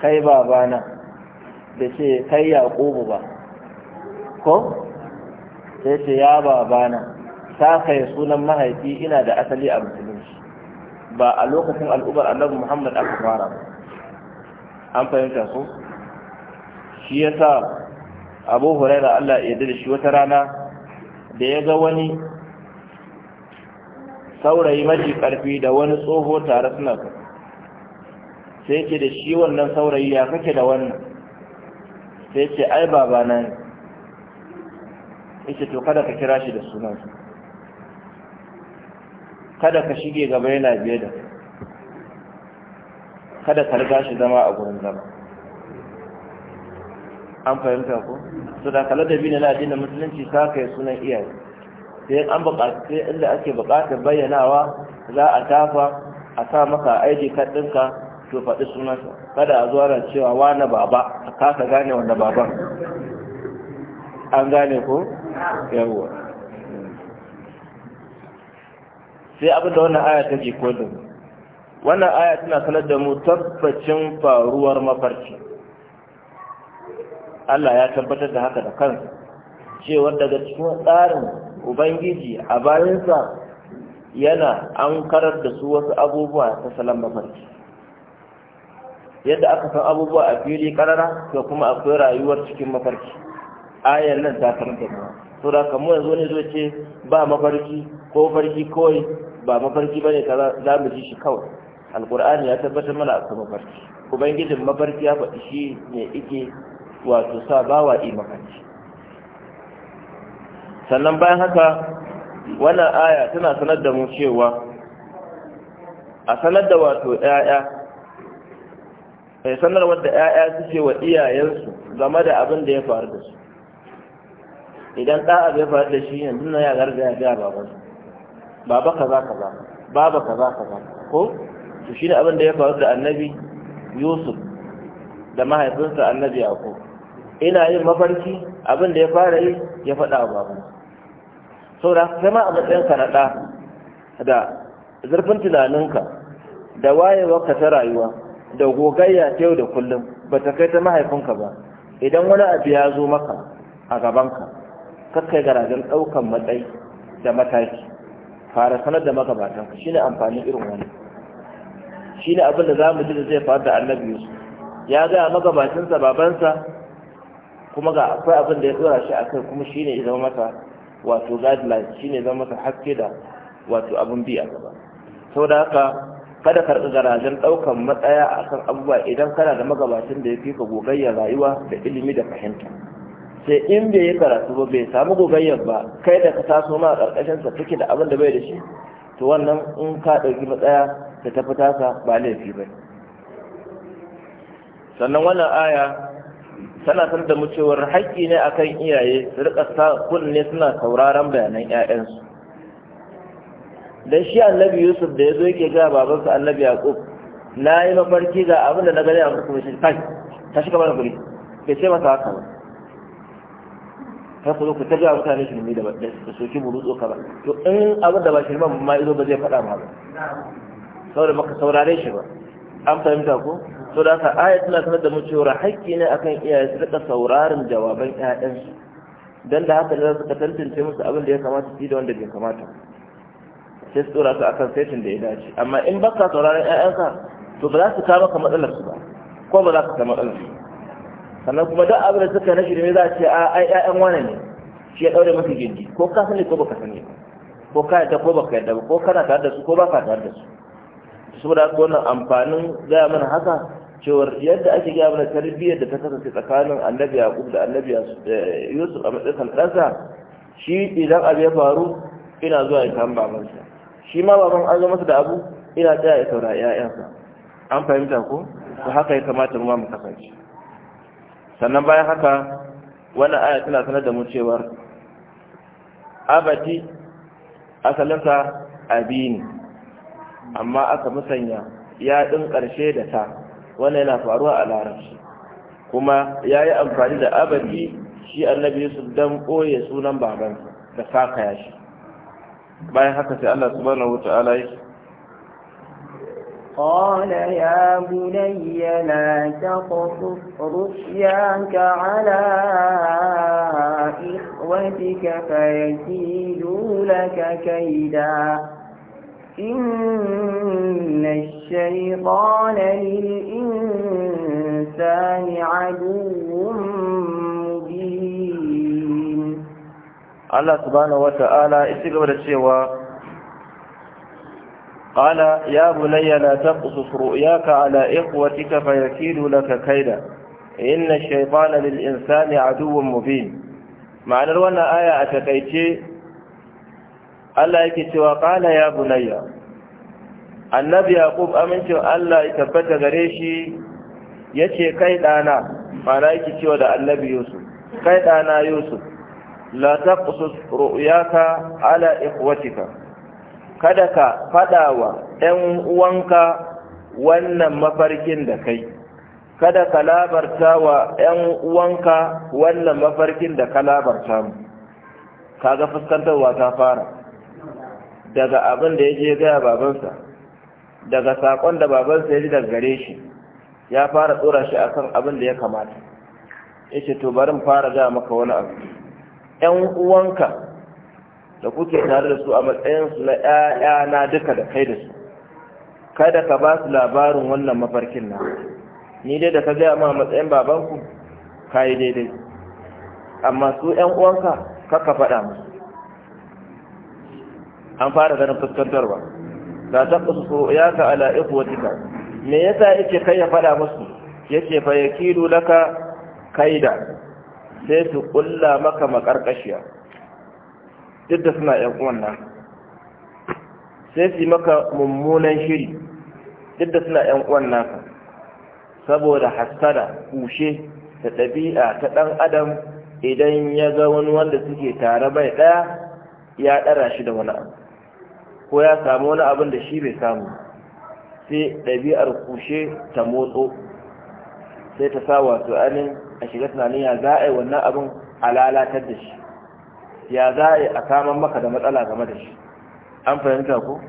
kai babana da ce kai yaƙubu ba ko sai ce ya babana ta kai sunan mahaifi ina da asali a musulunci ba a lokacin al'ubar annabi muhammad aka fara an fahimta su shi ya sa abu huraira allah ya shi wata rana da ya ga wani saurayi maji karfi da wani tsoho tare suna sai ce da shi wannan saurayi ya kake da wannan sai ce ai baba na ne ce to kada ka kira shi da sunan kada ka shige gaba yana biye da kada ka riga shi zama a gurin zama an fahimta ko su da kala da biyu na addinin musulunci sa kai sunan iyaye sai an buƙaci sai inda ake buƙatar bayyanawa za a tafa a sa maka aiki card to faɗi sunansa kada a zuwa cewa wane baba a kasa gane wanda baban an gane ko yawon sai abin da wannan aya ke kodin wannan aya tana sanar da mu tabbacin faruwar mafarki Allah ya tabbatar da haka da kansa cewar daga cikin tsarin ubangiji a bayansa yana an karar da su wasu abubuwa ta salon mafarki yadda aka san abubuwa a fili karara to kuma akwai rayuwar cikin mafarki ayar nan ta karanta ba to da kamar yanzu ne zo ce ba mafarki ko farki kawai ba mafarki bane kaza za mu ji shi kawai alqur'ani ya tabbatar mana akan mafarki ubangijin mafarki ya faɗi shi ne ike wato sa bawa yi mafarki sannan bayan haka wannan aya tana sanar da mu cewa a sanar da wato 'ya'ya mai sanarwar da 'ya'ya suke wa iyayensu game da abin da ya faru da su idan ɗa abu ya faru da shi yanzu na ya garga ya gaya baban baba kaza kaza baba ka za ko su shi ne abin da ya faru da annabi yusuf da mahaifinsa annabi ko ina yin mafarki abin da ya fara yi ya faɗa wa baban saboda sai ma a matsayinka na ɗa da zurfin tunaninka da wayewarka ta rayuwa da gogayya ta yau da kullum ba ta kai ta mahaifinka ba idan wani abu ya zo maka a gabanka kakkai garajen ɗaukan matsayi da mataki fara sanar da magabatanka ne amfanin irin wani ne abin da za mu ji da zai faru da annabi yusuf ya gaya magabatinsa babansa kuma ga akwai abin da ya tsora shi a kai kuma shi ne zama masa wato guideline shi ne zama masa haske da wato abin bi a gaba sau da haka kada ka garajen ɗaukan matsaya a kan abubuwa idan kana da magabacin da ya fi ka gogayya rayuwa da ilimi da fahimta sai in bai yi karatu ba bai samu gogayyar ba kai da ka taso ma a ƙarƙashin sa kake da abin da bai da shi to wannan in ka ɗauki matsaya da ta fi tasa ba laifi ba sannan wannan aya tana sanar da mu cewar haƙƙi ne akan iyaye su riƙa sa kunne suna sauraron bayanan 'ya'yansu Da shi annabi yusuf da ya zo yake ga babansa annabi yaqub na yi mafarki ga abin da na gani a kuma shi kai ta shiga mana guri ke ce masa haka ba ta ku zo ku ta ga mutane shirme da da soki burutso ka ba to in abin da ba shirman ma izo ba zai faɗa ma ba saboda maka saurare shi ba an fahimta ko to da haka aya tana sanar da mu cewa haƙƙi ne akan iyaye su rika sauraron jawaban ƴaƴansu dan da haka ne za su ka tantance musu abin da ya kamata su yi da wanda bai kamata sai su dora su akan saitin da ya dace amma in ba ka sauraron 'ya'yanka, to ba za su kama ka matsalar su ba ko ba za ka kama matsalar su sannan kuma duk abin da suka na shirme za a ce a ah, 'ya'yan wane ne shi ya daure masu gindi ko ka sani ko baka sani ko ka yadda ko baka yadda ko kana tare da su ko baka tare da su saboda haka wannan amfanin gaya mana haka cewar yadda ake gaya mana tarbiyyar da ta kasance tsakanin annabi yaqub da annabi eh, yusuf a matsayin ɗansa shi idan abu ya faru ina zuwa ya kama babansa shi ma baban an zo masa da abu ina tsaya ya saurari an fahimta ko to haka ya kamata mu ma mu kasance sannan bayan haka wannan aya tana sanar da mu cewa abati asalinsa abi ne amma aka musanya ya yaɗin ƙarshe da ta wannan yana faruwa a larabci kuma ya yi amfani da abati shi annabi su dan ɓoye sunan babansa da saka ya shi bayan haka sai الله subhanahu وتعالى yake قال يا بني لا تقصف رؤياك على إخوتك فيكيدوا لك كيدا إن الشيطان للإنسان عدو Allah subhanahu wata'ala ya ci gaba da cewa qala ya na bunayya la ya ka ala ikhwatika fayakidu laka kaida inna ash-shaytana lil insani aduwwun mubin ma'anar wannan aya a takaice Allah yake cewa qala ya bunayya annabi yaqub amincin Allah ya tabbata gare shi yace kai dana ma'ana yake cewa da annabi yusuf kai dana yusuf la taqsus ru'yaka ala ikhwatika kada ka fadawa ɗan uwanka wannan mafarkin da kai kada ka labarta wa ‘yan uwanka wannan mafarkin da ka labarta mu kaga fuskantarwa ta fara daga abin da ya je gaya babansa daga saƙon da babansa ya ji daga gare shi ya fara tsora shi akan abin da ya kamata ya ce to bari fara ga maka wani abu 'yan uwanka da kuke tare da su a matsayinsu na ‘ya'yana duka da kai da su kada ka ba su labarin wannan mafarkin na ni dai da ka gaya ma matsayin babanku ka yi daidai amma su ‘yan uwanka kaka faɗa musu an fara ganin fuskantarwa ga ta kusa ya ka ala ikwatika me yasa yake kai ya faɗa musu yake fa laka kaida sai su kulla maka makarkashiya duk da suna yan uwan nan sai su maka mummunan shiri duk da suna yan uwan naka saboda hassada kushe da ɗabi'a ta ɗan adam idan ya ga wani wanda suke tare bai ɗaya ya ɗara shi da wani abu ko ya samu wani abin da shi bai samu sai ɗabi'ar kushe ta motso sai ta sa wasu anin a shiga tunanin ya za a yi wannan abin a lalatar da shi ya za a yi a saman maka da matsala game da shi an fahimta ku?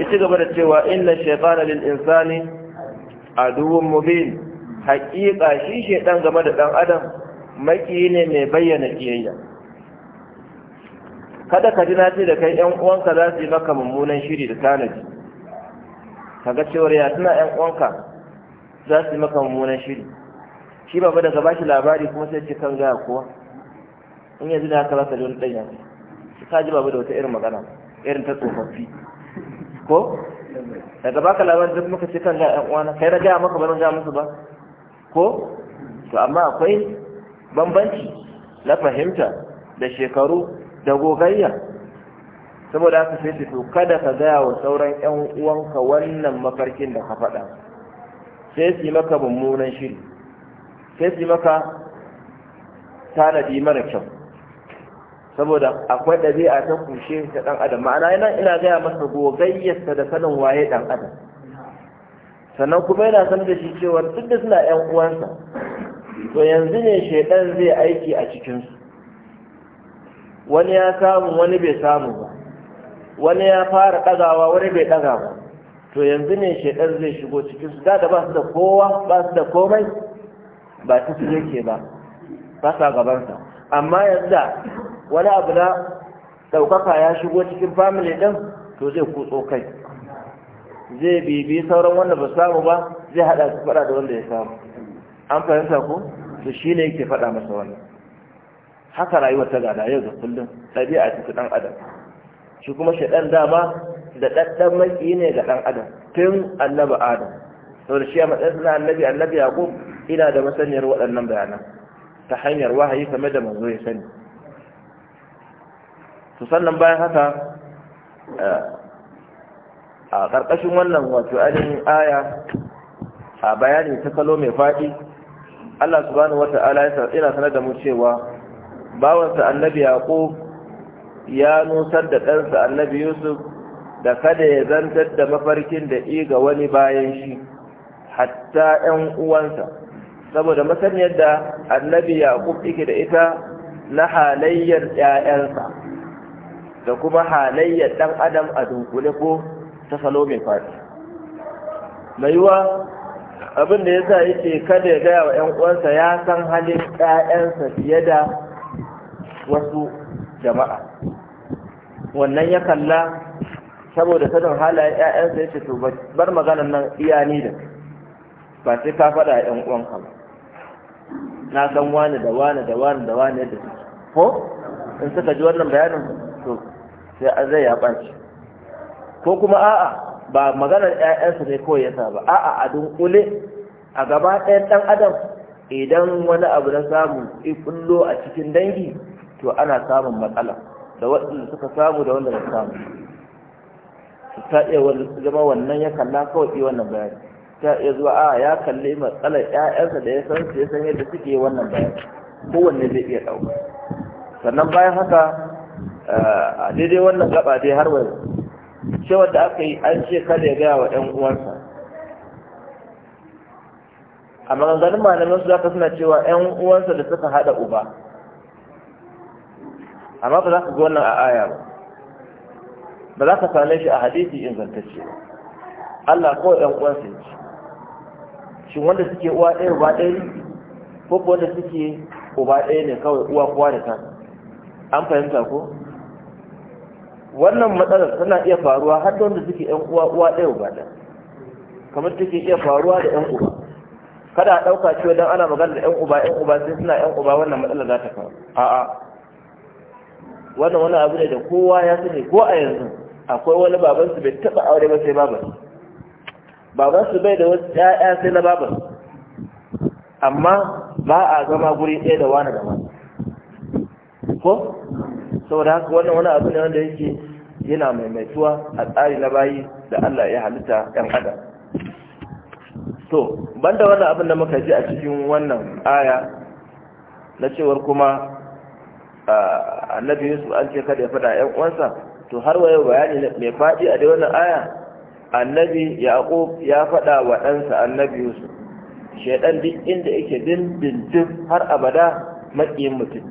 ita gaba da cewa inna shaytana lil insani aduwwun mubin haƙiƙa shi shaytan game da dan adam maki ne mai bayyana kiyayya kada ka ji nace da kai ƴan uwanka za su yi maka mummunan shiri da tanadi kaga cewar ya tuna ƴan uwanka za su yi maka mummunan shiri shi ba daga ba shi labari kuma sai ce kan gaya kowa in yanzu da haka za ka ji wani ɗanya su ka ji baba da wata irin magana irin ta tsofaffi ko daga baka labarin duk muka ce kan gaya ɗan uwana kai na gaya maka ba zan gaya musu ba ko to amma akwai bambanci na fahimta da shekaru da gogayya saboda haka sai su to kada ka gaya wa sauran 'yan uwanka wannan mafarkin da ka faɗa sai su yi maka mummunan shiri sai su maka tanadi mara kyau saboda akwai ɗabi'a ta kushe ta ɗan adam ma'ana yana ina gaya masa gogayyarsa da sanin waye ɗan adam sannan kuma yana san da shi cewa duk da suna 'yan uwansa to yanzu ne shaidan zai aiki a cikinsu wani ya samu wani bai samu ba wani ya fara ɗagawa wani bai ɗaga ba to yanzu ne shaidan zai shigo cikinsu da da ba su da kowa ba su da komai ba ta fi yake ba ba sa gabansa amma yadda wani abu na ɗaukaka ya shigo cikin family ɗin to zai kutso kai zai bibi sauran wanda ba samu ba zai haɗa su faɗa da wanda ya samu an fahimta ko to shi ne yake faɗa masa wannan haka rayuwar ta gada yau da kullum ɗabi'a ta ɗan adam shi kuma dama da ɗaɗɗan maki ne ga ɗan adam tun annaba adam da shi a matsayin na annabi annabi yaqub ina da masaniyar waɗannan bayanan ta hanyar wahayi kamar da manzo ya sani to sannan bayan haka eh, a ƙarƙashin wannan wato ainihin aya a bayani ta salo mai faɗi Allah subhanahu wata'ala yana sanar da mu cewa bawansa annabi yaqub ya nusar da ɗansa annabi yusuf da kada ya zantar da mafarkin da iga wani bayan shi hatta ‘yan uwansa saboda masaniyar da annabi yaƙub yake da ita na halayyar ‘ya'yansa da kuma halayyar ɗan adam a dunkule ko ta mai fati mai yiwa abin da ya sa yake kada ya gaya wa ‘yan uwansa ya san halin ‘ya'yansa fiye da wasu jama'a wannan ya kalla saboda sanin halayen ‘ya'yansa ya ce to bar maganan nan iya ni da ba sai ka faɗa ‘yan uwanka ba na san wani da wani da wani da wani yadda su ko in suka ji wannan bayanin to sai an zai ya ɓaci ko kuma a'a ba maganar ‘ya'yansa ne kawai yasa ba a'a a dunkule a gaba ɗayan ɗan adam idan wani abu na samu ikullo a cikin dangi to ana samun matsala da waɗanda suka samu da wanda ba samu ta iya zama wannan ya kalla kawai wannan bayani ta iya zuwa a ya kalli matsalar ƴaƴansa da ya san su ya san yadda suke wannan bayan kowanne zai iya ɗauka sannan bayan haka a daidai wannan gaba dai har wani. cewar da aka yi an ce kada ya gaya wa ɗan uwansa a maganganun malamin su zaka suna cewa ƴan uwansa da suka haɗa uba amma ba za ka ga wannan a aya ba ba za ka same shi a hadisi ingantacce ba Allah ko 'yan uwansa ya ce shin wanda suke uwa ɗaya uba ɗaya ne ko wanda suke uba ɗaya ne kawai uwa kuwa da ta an fahimta ko wannan matsalar tana iya faruwa har da wanda suke ƴan uwa uwa ɗaya uba ɗaya kamar take iya faruwa da ƴan uba kada a ɗauka cewa don ana magana da ƴan uba ƴan uba sai suna ƴan uba wannan matsalar za ta faru a'a wannan wani abu ne da kowa ya sani ko a yanzu akwai wani babansu bai taɓa aure ba sai babansu babansu bai da wasu ƴaƴa sai na babu amma ba a zama guri ɗaya da wani da wani ko saboda haka wannan wani abu ne wanda yake yana maimaituwa a tsari na bayi da Allah ya halitta ɗan adam to banda wannan abin da muka ji a cikin wannan aya na cewar kuma annabi Yusuf an ce kada ya faɗa ƴan uwansa to har wayo bayani mai faɗi a dai wannan aya annabi yaqub ya faɗa wa ɗansa annabi yusuf shaidan duk inda yake dindindin har abada maƙiyin mutum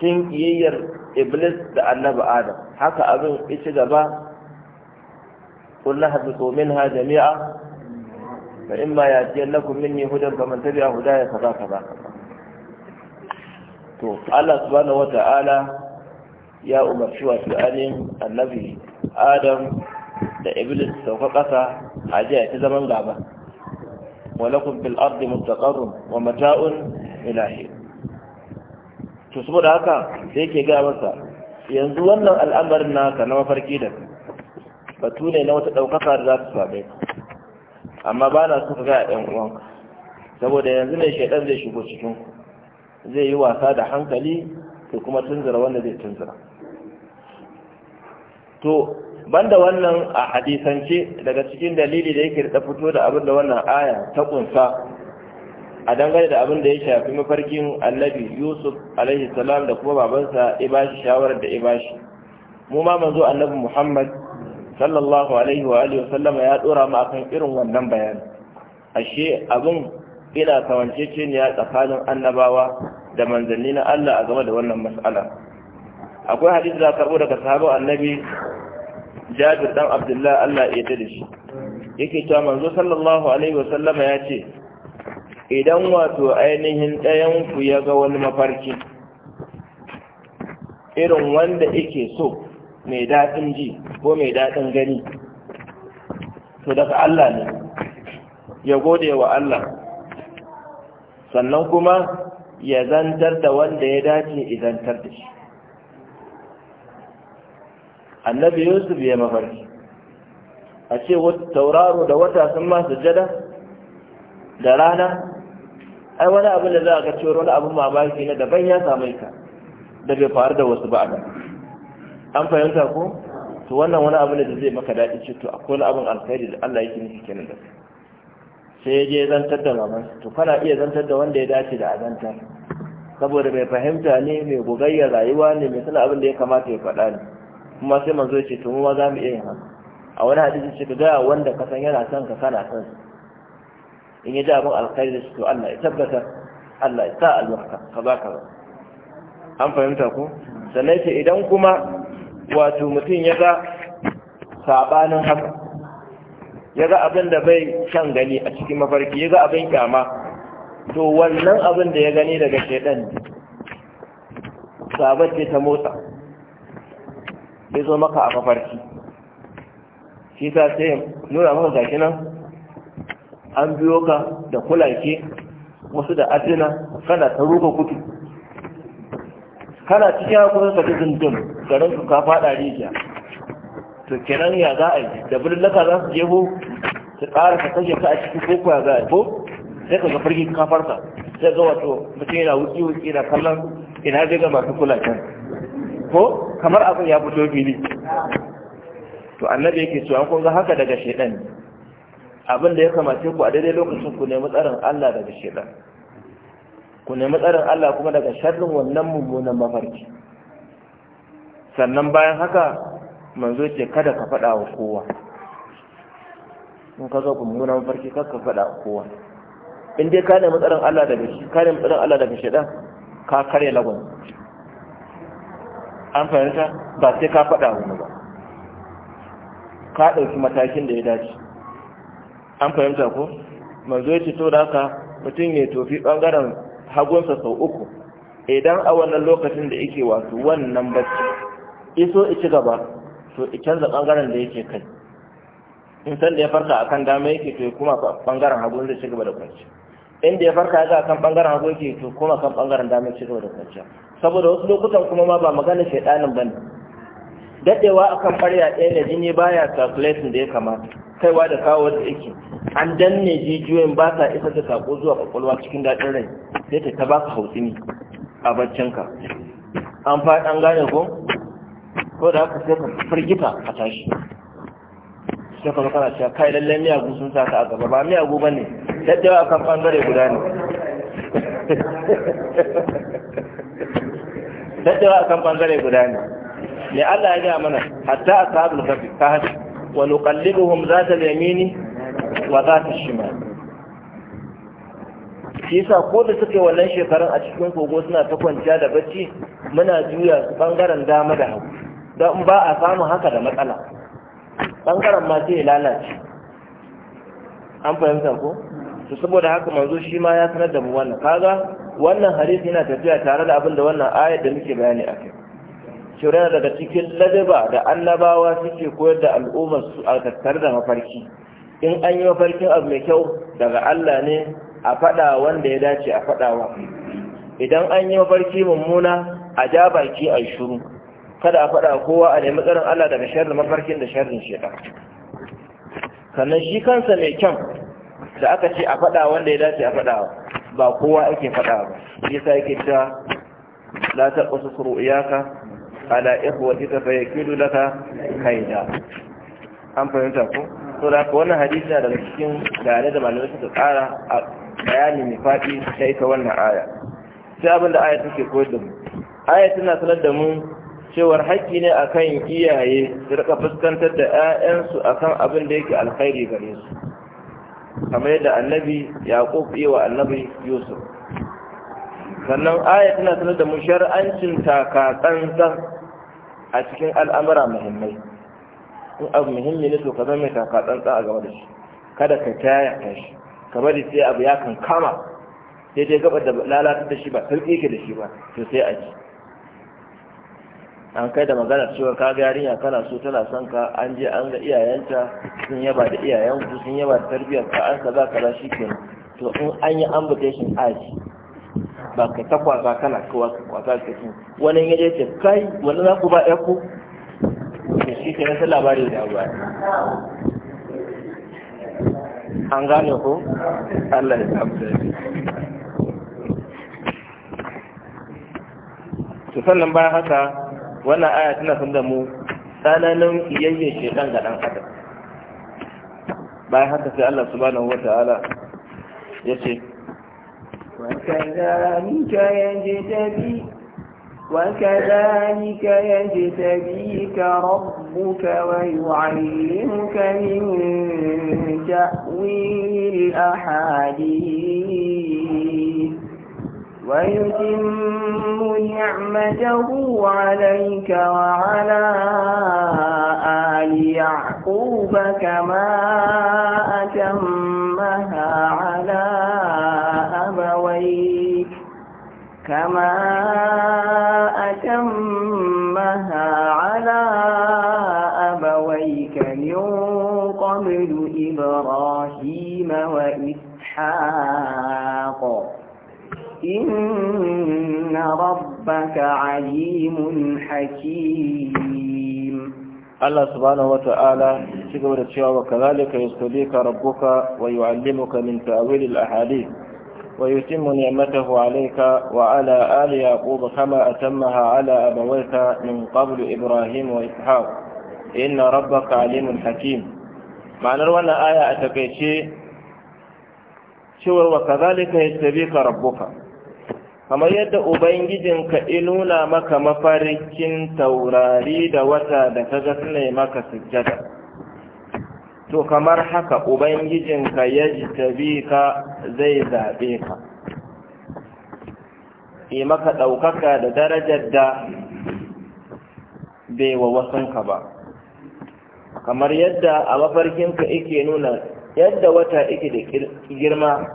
tun kiyayyar iblis da annabi adam haka abin ya ci gaba kullum habitu minha jami'a fa imma yatiyannakum minni hudan faman tabi'a hudaya ka ba to Allah subhanahu ta'ala ya umarci wasu anin annabi adam da iblis sauka ƙasa a jiya ta zaman gaba walakun bil ardi mutaqarrum wa mata'un ilahi to saboda haka sai yake ga masa yanzu wannan al'amarin naka na mafarki da batu ne na wata ɗaukaka da za ta same ka amma ba na so ka ga 'yan uwanka saboda yanzu ne shaidan zai shigo cikin ku zai yi wasa da hankali ko kuma tunzura wanda zai tunzura to banda wannan a hadisance daga cikin dalili da yake da fito da abin da wannan aya ta kunsa a dangane da abin da ya shafi mafarkin annabi yusuf alaihi salam da kuma babansa ibashi shawarar da ibashi mu ma manzo annabi muhammad sallallahu alaihi wa alihi wasallama ya dora mu akan irin wannan bayani ashe abin ina ya tsakanin annabawa da manzanni na Allah a game da wannan mas'ala akwai hadisi da karbo daga sahabban annabi jabir dan abdullahi Allah ya yarda shi yake cewa manzo sallallahu alaihi wasallama ya ce idan wato ainihin ɗayan ku ya ga wani mafarki irin wanda yake so mai daɗin ji ko mai daɗin gani to daga Allah ne ya gode wa Allah sannan kuma ya zantar da wanda ya dace zantar da shi annabi yusuf ya mafarki a ce tauraro da wata sun ma sujada da rana ai wani abin da za a ga cewar wani abin mamaki na daban ya samu ka da bai faru da wasu ba a an fahimta ko to wannan wani abin da zai maka daɗi ce to akwai abin alkhairi da Allah yake nufi kenan da sai ya je zantar da maman to kana iya zantar da wanda ya dace da azantar saboda mai fahimta ne mai gogayya rayuwa ne mai suna abin da ya kamata ya faɗa ne kuma sai manzo ya ce to mu ma za mu iya yin haka a wani hadisi ce ka gaya wanda ka san yana son ka kana son in ya ji abin alkhairi da shi to Allah ya tabbatar Allah ya sa albarka ka ba ka an fahimta ko sannan ce idan kuma wato mutum ya ga sabanin haka ya ga abin da bai kan gani a cikin mafarki ya ga abin kyama to wannan abin da ya gani daga shaidan sabat ce ta motsa Sai zo maka a mafarki shi sa sai nuna maka gashi nan an biyo ka da kulake wasu da adina kana ta ruka kutu kana cikin hakunan ka ta zindin garin su ka fada rijiya to kenan ya za a yi da laka za su jeho su ƙara ka kashe ka a cikin koko ya za a yi ko sai ka ga farki kafarsa sai ga wato mutum yana wuki wuki na kallon ina ga masu kulaken ko kamar abin ya fito fili to annabi yake cewa kun ga haka daga shedan abin da ya kamace ku a daidai lokacin ku nemi tsarin Allah daga shedan ku nemi tsarin Allah kuma daga sharrin wannan mummunan mafarki sannan bayan haka manzo ce kada ka fada wa kowa in ka zo mummunan mafarki kada ka faɗa wa kowa in dai ka nemi tsarin Allah daga shi ka nemi tsarin Allah daga shedan ka karya lagon an fahimta ba sai ka faɗa wani ba ka ɗauki matakin da ya dace an fahimta ko mazo ya ce to da haka mutum ya tofi ɓangaren hagunsa sau uku idan a wannan lokacin da yake wasu wannan bacci iso ici gaba to canza ɓangaren da yake kai in san da ya farka akan dama yake to kuma ɓangaren hagun zai ci gaba da kwanci inda ya farka ya ga kan bangaren hagu yake to kuma kan bangaren damar ci gaba da kwanciya saboda wasu lokutan kuma ma ba magana shaidanin daɗewa dadewa akan ɓarya ɗaya na jini baya calculating da ya kamata kaiwa da kawo da yake an danne jijiyoyin ba sa isa da sako zuwa ƙwaƙwalwa cikin daɗin rai sai ta ta ba ka hautsini a baccinka an an gane ko ko da haka sai ka firgita a tashi sai kuma kana cewa kai lallai miyagu sun saka a gaba ba miyagu bane ne daddawa kan bangare guda ne (laughs) daddawa kan bangare guda ne ne Allah ya ga mana hatta ashabul kafi ka kahfi wa nuqallibuhum zata al-yamini wa zata al-shimal shi sa, ko da suke wannan shekarun a cikin kogo suna ta kwanciya da bacci muna juya bangaren dama da hagu don ba a samu haka da matsala ɓangaren ma sai ya lalace an fahimta ko to saboda haka manzo shi ma ya sanar da mu wannan kaga wannan hadisi yana tafiya tare da abin da wannan ayar da muke bayani a kai na daga cikin ladaba da annabawa suke koyar da al'ummar su a tattare da mafarki in an yi mafarkin abu mai kyau daga Allah ne a faɗa wanda ya dace a faɗawa idan an yi mafarki mummuna a ja baki a shuru kada a faɗa kowa a nemi tsarin Allah daga da mafarkin da da shekar sannan shi kansa mai kyan da aka ce a faɗa wanda ya dace a faɗa ba kowa ake faɗa ba shi sa yake ta wasu taqsu ru'yaka ala ikhwatika fa yakidu laka kaida an fahimta ko So da wannan hadisi na daga cikin gare da malamai suka tsara a bayani mai faɗi ta ita wannan aya sai abin da aya take koyar da mu aya tana sanar da mu cewar haƙƙi ne akan iyaye su rika fuskantar da 'ya'yansu akan abin da yake alkhairi gare su kamar yadda annabi yaqub yi wa annabi yusuf sannan aya tana sanar da mu shar'ancin taka tsantsan a cikin al'amura muhimmai in abu muhimmi ne to ka zama mai taka tsantsan a gaba da shi kada ka taya ta shi ka bari sai abu ya kan kama sai dai gaba da lalata da shi ba sauƙi ke da shi ba to sai a ji an kai da magana cewa ka ga yarinya kana so tana son ka an je an ga iyayenta sun yaba da iyayenku sun yaba da tarbiyyar ka an kaza kaza shikenan to in an yi ambitation aji ba ka ta kwasa kana kowa ka kwasa ka cin wani ya je ce kai wani za ku ba ya ku to shi ke nasa labari da ba an gane ko Allah ya tabbata to sannan bayan haka wannan aya tana sun da mu tsananin kiyayyen shekan ga ɗan adam bayan haka sai Allah subhanahu ta'ala ya ce ka وكذلك يجتبي وكذلك يجتبيك ربك ويعلمك من تأويل الأحاديث ويتم نعمته عليك وعلى آل يعقوب كما أتمها على أبويك كما ربك عليم حكيم الله سبحانه وتعالى تقول الشيء وكذلك يستديك ربك ويعلمك من تأويل الأحاديث ويتم نعمته عليك وعلى آل يعقوب كما أتمها على أبويك من قبل إبراهيم وإسحاق إن ربك عليم حكيم معنى روانا آية أتكيشي شور وكذلك يستبيك ربك kamar yadda ubangijinka nuna maka mafarkin taurari da wata da kaga suna maka sujjada to kamar haka ubangijinka ya jitabi ka zai zaɓe ka yi maka ɗaukaka da darajar da bai wa wasanka ba kamar yadda a mafarkinka ike nuna yadda wata yake da girma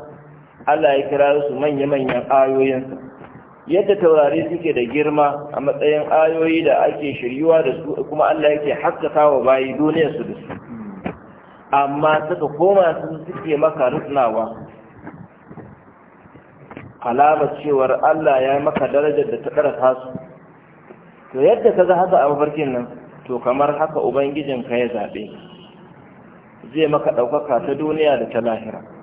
Allah ya kira su manya-manyan ayoyinsa yadda taurari suke da girma a matsayin ayoyi da ake shiryuwa da su kuma Allah yake haskaka wa bayi duniyar su da su amma suka koma su suke maka rutunawa alamar cewar Allah ya maka darajar da ta karata su to yadda ka ga haka a mafarkin nan to kamar haka ubangijinka ya zaɓe zai maka ɗaukaka ta duniya da ta lahira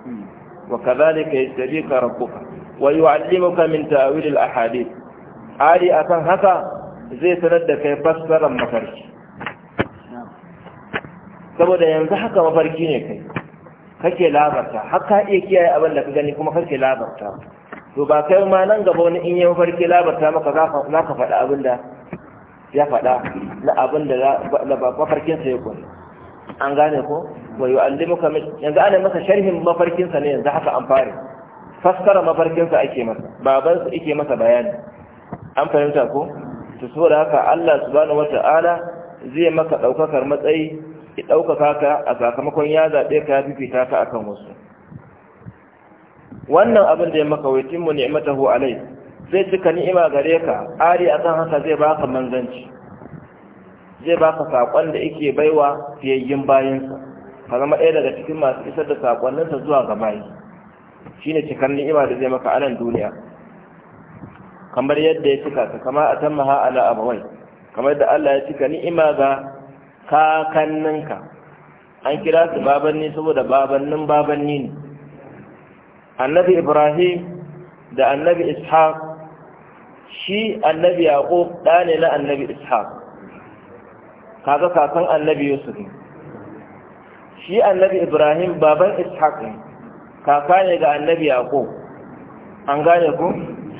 wa kadhalika yajtabika rabbuka wa yu'allimuka min ta'wil al-ahadith ali akan haka zai sanar da kai fassarar mafarki saboda yanzu haka mafarki ne kai kake labarta haka iya kiyaye abin da ka gani kuma kake labarta to ba kai ma nan gaba wani in yi mafarki labarta maka za ka faɗa abin da ya faɗa na abin da mafarkinsa ya kwallo an gane ko wa yu'allimuka min yanzu ana masa sharhin ne yanzu haka an fare fassara mafarkin ake masa baban sa ake masa bayani an fahimta ko to saboda haka Allah subhanahu wata'ala zai maka daukakar matsayi ki daukaka ka a sakamakon ya zabe ka ya fifita ka akan wasu wannan abin da ya maka waitin mu ni'matahu alai zai cika ni'ima gare ka ari akan haka zai baka manzanci zai baka sakon da yake baiwa fiyayyin bayansa ka zama ɗaya daga cikin masu isar da sakonninsa zuwa ga bayi ne cikar ni'ima da zai maka anan duniya kamar yadda ya cika ta kama a maha ala abawai kamar da Allah ya cika ni'ima ga kakanninka an kira su babanni saboda babannin babanni ne annabi ibrahim da annabi ishaq shi annabi yaqub da ne na annabi ishaq kaga kakan annabi yusuf ne shi annabi ibrahim baban ishaq ne kaka ne ga annabi yaqub an gane ku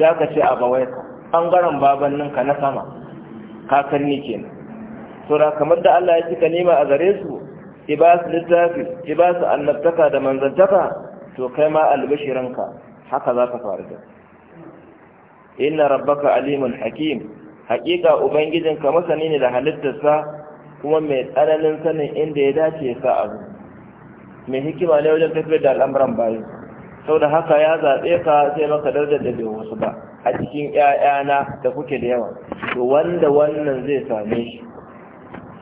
za ka ce abawai ɓangaren babanninka na sama kakanni kenan sura kamar da Allah ya cika nema a gare su iba su littafi iba su annabtaka da manzantaka to kai ma albashiranka haka za ka faru da inna rabbaka alimun hakim hakika ubangijinka masani ne da halittarsa kuma mai tsananin sanin inda ya dace ya sa abu mai hikima ne wajen tafiyar da al'amuran bayan sau da haka ya zaɓe ka sai maka darajar da biyu wasu ba a cikin ‘ya'yana da kuke da yawa to wanda wannan zai same shi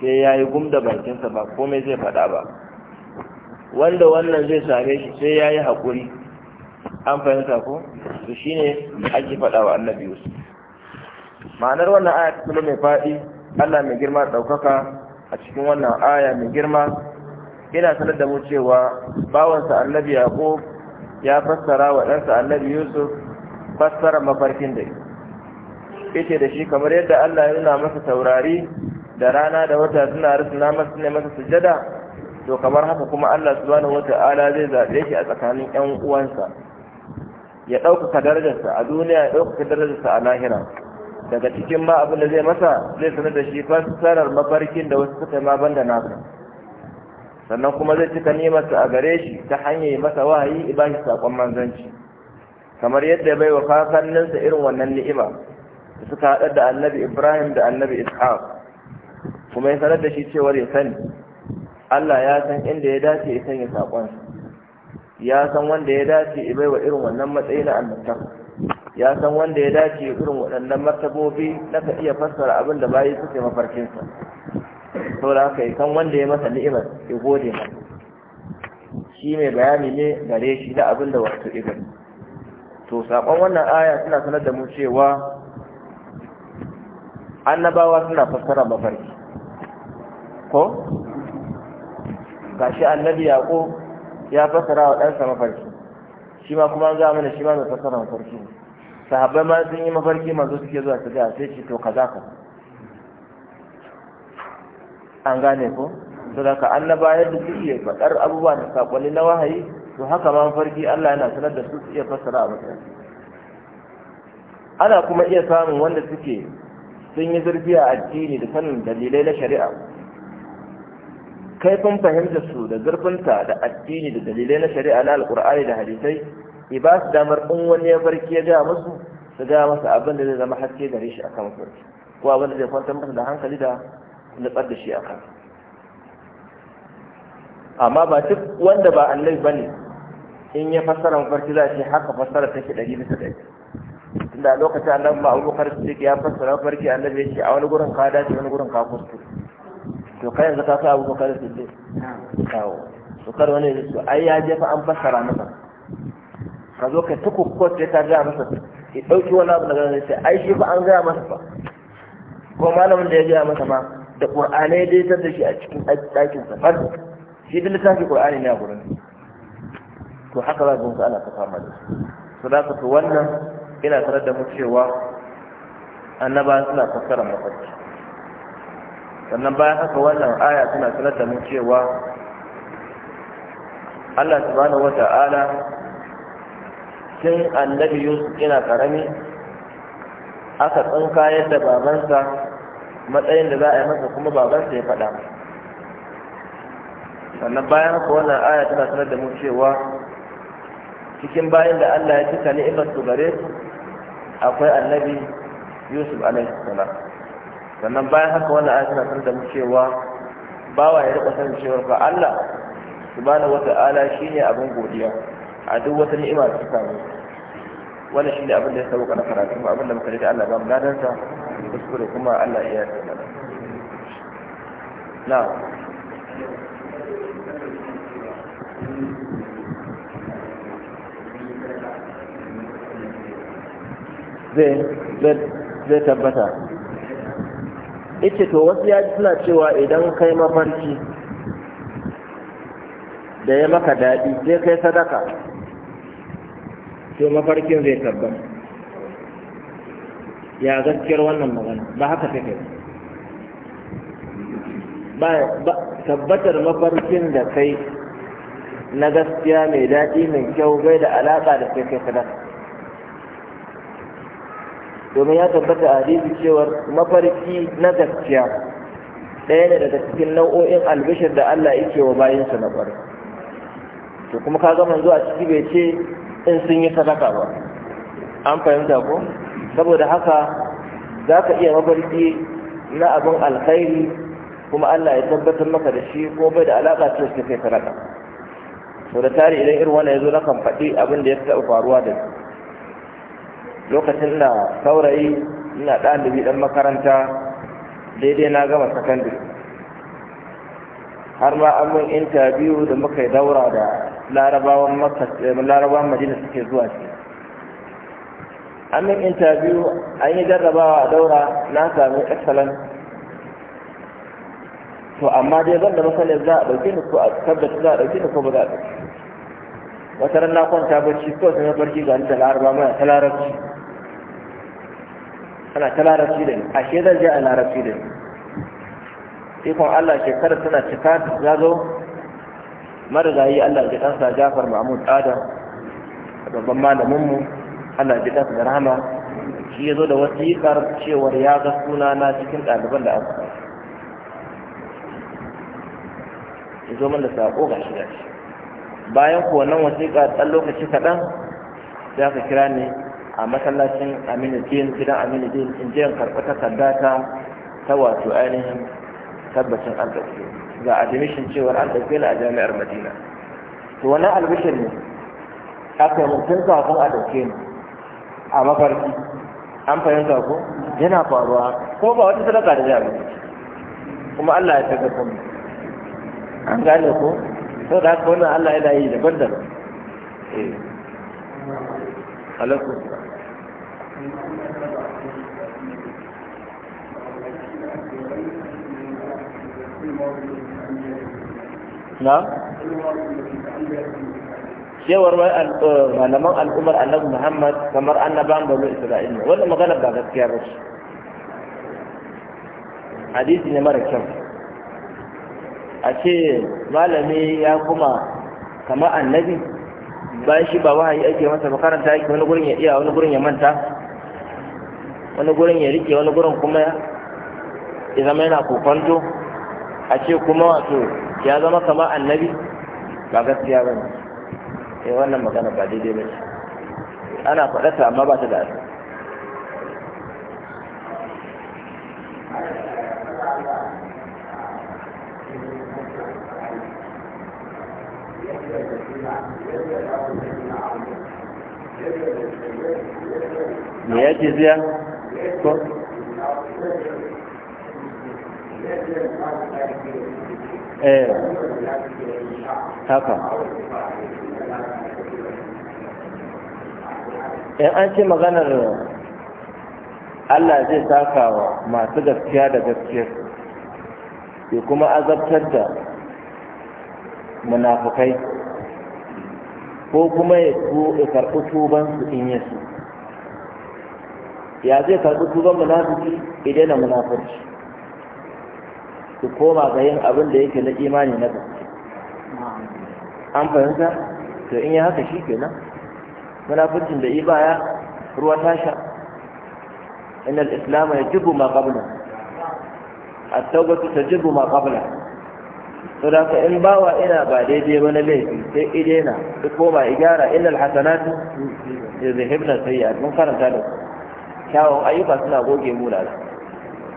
sai ya yi gumda bakinsa ba komai zai faɗa ba wanda wannan zai same shi sai ya yi haƙuri an fahimta ko to shi ne ake faɗa wa annabi yusuf ma'anar wannan aya ta mai faɗi allah mai girma ɗaukaka a cikin wannan aya mai girma yana sanar da mu cewa bawansa annabi yaqub ya fassara wa ɗansa annabi yusuf fassara mafarkin da yake da shi kamar yadda allah ya nuna masa taurari da rana da wata suna rusuna masa ne masa sujada to kamar haka kuma allah subhanahu wata'ala zai zaɓe shi a tsakanin 'yan uwansa ya ɗaukaka darajarsa a duniya ya ɗaukaka darajarsa a lahira daga cikin ma abin da zai masa zai sanar da shi fassarar mafarkin da wasu suka ma banda nasa sannan kuma zai cika nimarsa a gare shi ta hanyar masa wahayi ba shi saƙon manzanci kamar yadda ya bai wa kakanninsa irin wannan ni'ima da suka haɗar da annabi ibrahim da annabi ishaq kuma ya sanar da shi cewar ya sani allah ya san inda ya dace ya sanya saƙonsa ya san wanda ya dace ya bai wa irin wannan matsayi na annabtar ya san wanda ya dace irin waɗannan martabobi na ka iya fassara abin da bayi suke mafarkinsa saboda haka yi kan wanda ya masa ni'imar ya gode masa shi mai bayani ne gare shi da abin da wato ya to sakon wannan aya suna sanar da mu cewa annabawa suna fassara mafarki ko Ga shi annabi yaƙo ya fassara wa ɗansa mafarki shi ma kuma za mana shi ma mai fassara mafarki sahabbai ma sun yi mafarki masu suke zuwa su ga sai ce to kaza ka. an gane ko to da ka annaba yadda suke faɗar abubuwa da sakonni na wahayi to haka ma farki Allah yana sanar da su iya fassara a matsayin ana kuma iya samun wanda suke sun yi zurfi a addini da sanin dalilai na shari'a kaifin fahimta su da zurfinta da addini da dalilai na shari'a na alkur'ani da hadisai i ba su damar in wani ya farki ya gaya musu su gaya masa abin da zai zama haske gare shi akan farki ko abin da zai kwantar masa da hankali da nutsar da shi a kan amma ba duk wanda ba annabi ne, in ya fassara mafarki za shi haka fassara take ɗari bisa ɗari tunda a lokacin annabi ma abubakar su ya fassara mafarki annabi ya ce a wani gurin ka dace wani gurin ka kusur to kai yanzu ka sa abubakar siddiq kawo to kar wani ya ce ai ya je fa an fassara masa ka zo kai ta ko sai ka gaya masa ya ɗauki wani abu daga nan sai ai shi fa an gaya masa fa ko malamin da ya gaya masa ma da ƙur'anai dai ta da shi a cikin ɗakin safar shi da littafi ƙur'ani ne a gurin to haka za ka ana ta fama da su da fi wannan ina sanar da mu cewa annaba suna fassara mafarki sannan bayan haka wannan aya suna sanar da mu cewa Allah subhanahu Ta'ala sun annabi Yusuf yana karami aka tsinka yadda babansa matsayin da za a yi masa kuma babansa ya faɗa sannan bayan haka wannan aya tana sanar da mu cewa cikin bayan da Allah ya cika ni'imar su gare su akwai annabi Yusuf alaihi salam sannan bayan haka wannan aya tana sanar da mu cewa bawa ya riƙa sanin cewa fa Allah subhanahu wata'ala shine abin godiya a duk wata ni'ima da ta samu wannan shine abin da ya sauka na karatu mu abin da muka rika Allah ba mu ladansa kuskure kuma Allah ya yi mana na zai tabbata ita to wasu ya suna cewa idan kai mafarki da ya maka daɗi sai kai sadaka to mafarkin zai tabbata ya gaskiyar wannan magana ba haka take ba tabbatar mafarkin da kai na gaskiya mai daɗi mai kyau bai da alaƙa da kai kai kadan domin ya tabbata a hadisi cewar mafarki na gaskiya ɗaya ne daga cikin nau'o'in albishir da Allah yake wa bayinsa na ƙwarai to kuma ka gama zuwa ciki bai ce in sun yi sadaka ba an fahimta ko saboda haka za ka iya mafarki na abin alkhairi kuma Allah ya tabbatar maka da shi ko bai da alaƙa ce kai sadaka so da tari idan irin wannan yazo na kan faɗi abin da ya taɓa faruwa da lokacin na saurayi ina ɗalibi ɗan makaranta daidai na gama sakandare har ma an mun interview da muka yi daura da larabawan eh, larabawan madina suke zuwa ce an mun interview an yi jarrabawa a daura na sami excellent to amma dai zan da masanin za a ɗauke ni ko a tabbata za a ɗauke ni ko ba za a ɗauke wata ran na kwanta bacci ko sai barci ga da laraba mai ta larabci ana ta larabci da ni ashe zan je a larabci da ni ikon Allah shekarar tana cika ya zo marigayi Allah ya kansa Jafar Mahmud Adam babban malaminmu Allah ya kansa da rahama shi ya zo da wasiƙar cewar ya ga suna na cikin ɗaliban da aka ya zo min da saƙo ga shi bayan ko nan wasiƙa ɗan lokaci kaɗan ya ka kira ni a masallacin aminu din gidan aminu din in je in karɓi takarda ta ta wato ainihin tabbacin an ga admission cewar an ɗauke ni a jami'ar madina to wannan albishir ne aka yi mutum kafin a ɗauke ni a mafarki an fahimta ko yana faruwa ko ba wata sadaka da jami'a kuma Allah ya tabbata kuma an gane ko sau da haka wannan Allah yana yi daban-daban eh alaikum na cewar eh, malaman al'ummar annabi muhammad kamar annaban banu isra'ila wannan magana ba gaskiya ba ce hadisi ne mara kyau a ce malami ya kuma kama annabi bayan shi ba wahayi ake masa makaranta yake wani gurin ya iya wani gurin ya manta wani gurin ya rike wani gurin kuma ya zama yana kokwanto a ce kuma wato ya zama kama annabi ba gaskiya ba ne eh, wannan magana ba daidai ba ce ana faɗata amma ba ta da asali me ya ziya ko eh haka in eh, an ce maganar Allah zai saka wa masu gaskiya da gaskiyar ya kuma azabtar da munafukai ko kuma ya karɓi tubansu in yi su? ya zai karɓi tuban munafuki, idan na munafurci ku koma ga yin abin da yake na imani na ba an fahimta to in yi haka shi ke Muna munafincin da ibaya ruwa tasha inna al'islamu ya jibu ma A taubatu ta jibu ma qabla to da ka in bawa ina ba daidai ba na laifi sai idena ko koma igara inna al-hasanatu yuzhibna a mun karanta da kyawun ayyuka suna goge munana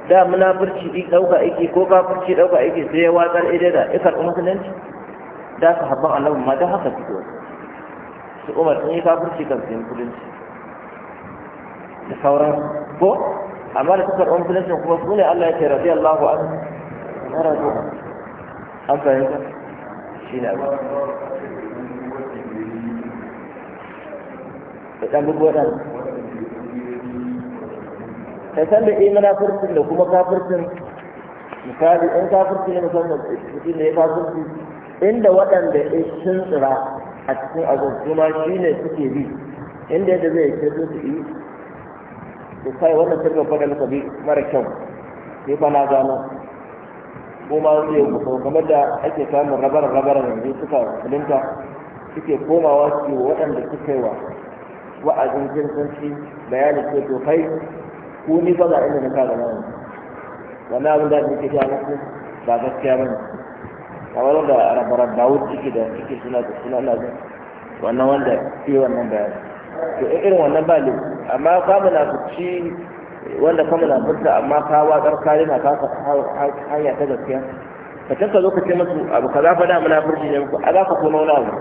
da munafurci ɗi ɗauka aiki ko kafurci ɗauka aiki sai ya watsar idan da ikar musulunci da su haɓɓa annabin ma da haka fito su umar sun yi kafurci kan su musulunci da sauran ko amma da suka karɓi musulunci kuma su ne allah ya ce rabi allahu an na rabu an fahimta shi ne abu da ɗan bugu waɗanda ka san da na eh munafurcin da kuma kafircin misali in kafurtun ne musamman cikin da ya kafirci inda waɗanda ya sun tsira a cikin azurtuma shi ne suke bi inda yadda zai ce su yi su kai wannan sirrin fada muka bi mara kyau sai ba na gano ko ma wani yau kusa kamar da ake samun rabar rabarar yanzu suka kulinta suke komawa su waɗanda suka yi wa wa'azin jinsanci bayanin ce to kai ko ni ba a inda na kaga nan wannan abin da nake ga muku ba gaskiya bane kamar da rabarar dawud ciki da ciki suna da suna na zai wannan wanda ke wannan bayani to eh, irin wannan ba ne amma ka ci wanda ka furta, amma ka watsar kare na ka hanya ta gaskiya ka tanka lokacin masu abu ka abu kaza fa da munafurci ne muku a za ka koma wani abu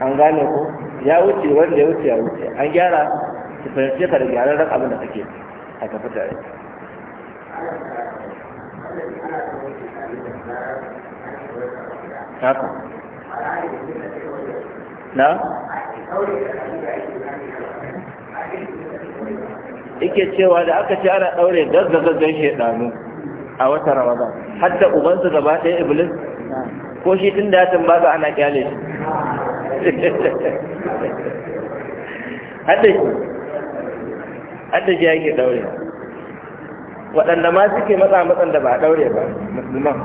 an gane ko ya wuce wanda ya wuce ya wuce an gyara ki fahimce ka da gyararren abin da kake a tafi tare haka na ike cewa da aka ce ana ɗaure gaggagaggan shaidanu a wata ramadan hatta ubansu gaba ɗaya iblis ko shi tun da ya baza ana kyale shi (laughs) hatta shi adda ji yake daure waɗanda ma suke matsa matsan da ba a daure ba musulman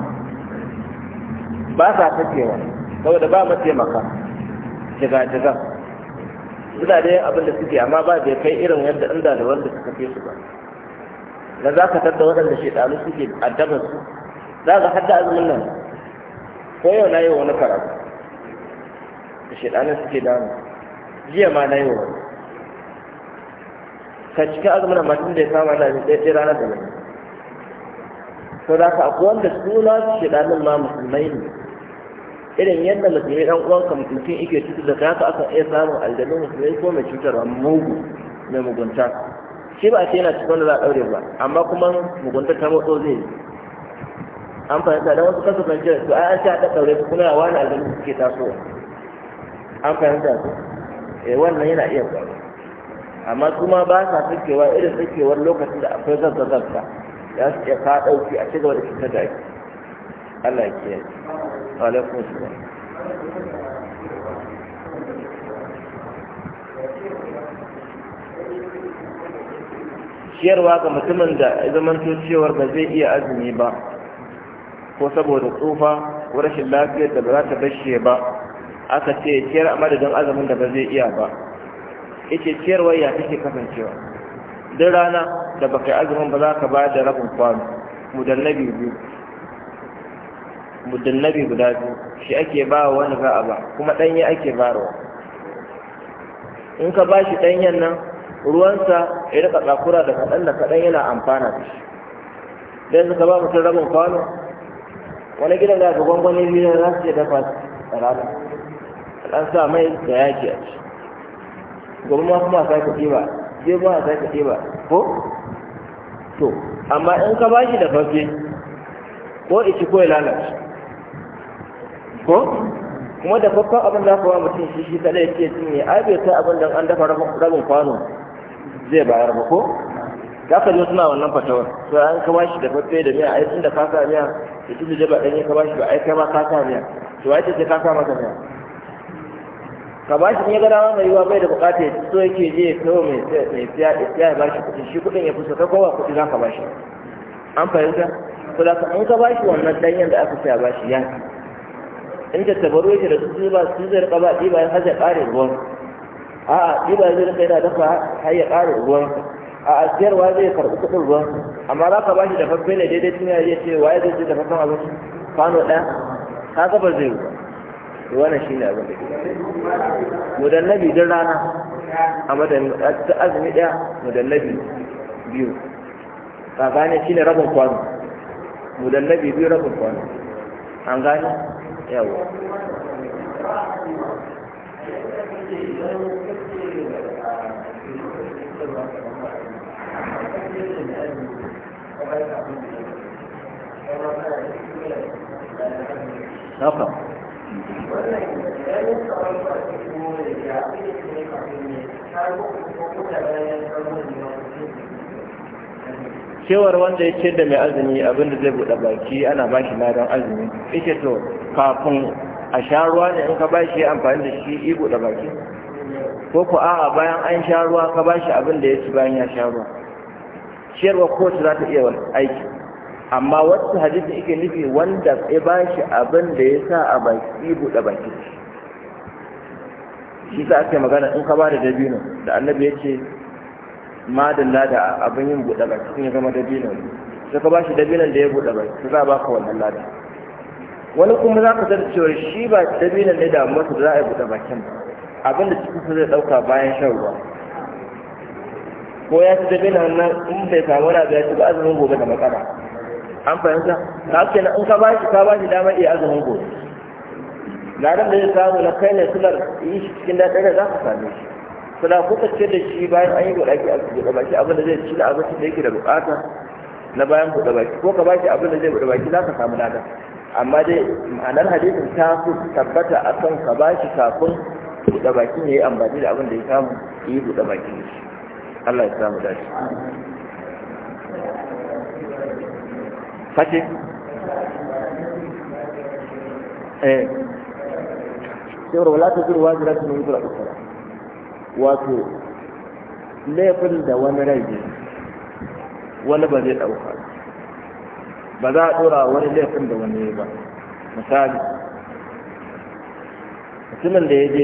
ba sa fakewa saboda ba mataimaka jiga-jiga suna da yin abin da suke amma ba bai kai irin yadda inda da wanda suka fi su ba da za ka tattara waɗanda shaidanu suke addaba su za ka hadda azumin nan ko yau na yi wani karatu da shaidanun suke damu jiya ma na yi wani ka cika azumin amma tun da ya kama na ɗaya ɗaya ranar da mai So da ka akwai wanda suna shi shaɗanin ma musulmai ne irin yadda musulmai ɗan ka mutum ike cutar da kaka aka iya samun aljanu musulmai ko mai cutarwa mugu mai mugunta shi ba a ce yana cikin wanda za a ɗaure ba amma kuma mugunta ta motso zai yi an fahimta don wasu kasu kan jira su an ce a ɗan ɗaure su kuma yawa ne aljanun suke tasowa an fahimta su eh, wannan yana iya faruwa amma kuma ba sa sakewa irin sakewar lokacin da akwai zazzazarsa ya su iya ka a cigaba da cutar da Allah ya kiyaye alaikum salam ga mutumin da zamanto cewar ba zai iya azumi ba ko saboda tsufa ko rashin lafiyar da ba za ta bashe ba aka ce ciyar a madadin azumin da ba zai iya ba yake ciyarwar ya take kasancewa duk rana da baka yi azumin ba za ka ba da rabin kwano mudannabi biyu mudannabi guda biyu shi ake ba wa wani za a ba kuma ɗanye ake barawa. in ka ba shi ɗanyen nan ruwansa ya rika tsakura da kaɗan da kaɗan yana amfana da shi dan suka ba mutum rabin kwano wani gidan da ga gwangwani biyu za su iya dafa a rana an sa mai da yaki a ciki gobe ma kuma a sake ɗiba sai ba a sake ɗiba ko to amma in ka bashi da fafe ko ici ko ya lalace ko kuma da faffan abin da kuma mutum shi shi kada ya ce cin ne, a bai kai abin da an dafa rabin kwano zai bayar ba ko za ka zo suna wannan fatawar to an kama shi da fafe da miya ai tun da kasa miya da tun da ba ɗanye ka bashi ba ai kai ma kasa miya to ai ce sai ka masa miya ka ba shi in ya ga dama mai yiwa bai da bukata so yake je ya kawo mai siya ya ba shi kuɗi shi kuɗin ya fi so ka kowa kuɗi za ka ba shi an fahimta ko da in ka ba shi wannan danyen da aka siya ba shi ya in ta tabaru yake da su ba su zai rika ba ɗiba ya ƙare ruwan a'a ɗiba zai rika yana dafa har ya ƙare ruwan a asiyarwa zai karɓi kuɗin ruwan amma za ka ba shi dafaffe ne daidai tun ya ce waye zai je dafaffen abinci kwano ɗaya ka ga ba zai yi wannan shi ne abin da ke mudannabi din rana a madadin azumi ɗaya mudannabi biyu ka gane shi ne rabin kwano mudannabi biyu rabin kwano an gane yawa Okay. cewar wanda ya ce da mai azumi abinda zai buɗe baki ana ba shi ladan azumi ita to kafin a sha ruwa ne in ka ba shi amfani da shi i buɗe baki ko ku a bayan an sha ruwa ka ba shi abinda ya ci bayan ya sha ruwa ciyarwa kowace za ta iya aiki amma wasu hadisi yake nufi wanda ya ba shi abin da ya sa a baki buɗe baki shi sa ake magana in ka ba da dabino da annabi ya ce madalla da abin yin buɗe baki sun ya zama dabino sai ka ba shi dabinon da ya buɗe baki sai za a baka wannan lada wani kuma za ka zara cewa shi ba dabinon ne da masa da za a yi buɗe bakin abin da cikin zai ɗauka bayan shan ruwa ko ya ci dabinon nan in bai samu na ga ya ci ba azumin gobe da matsala an fahimta ka na in ka bashi ka shi damar iya azumin gobe ladan da zai samu na kai ne sular yi shi cikin daɗin da za ka same shi suna kuka ce da shi bayan an yi buɗa ki a buɗe baki abin da zai ci na abincin da yake da bukata na bayan buɗe baki ko ka bashi abin da zai buɗe baki za ka samu ladan amma dai ma'anar hadisin ta fi tabbata a kan ka bashi kafin buɗe baki ne ya yi amfani da abin da ya samu yi buɗe baki Allah ya samu dace. sake eh sai wala ta zuru wajira ta nuna ukra wato laifin da wani rai wani ba zai ɗauka ba za a ɗora wani laifin da wani ba misali mutumin da ya je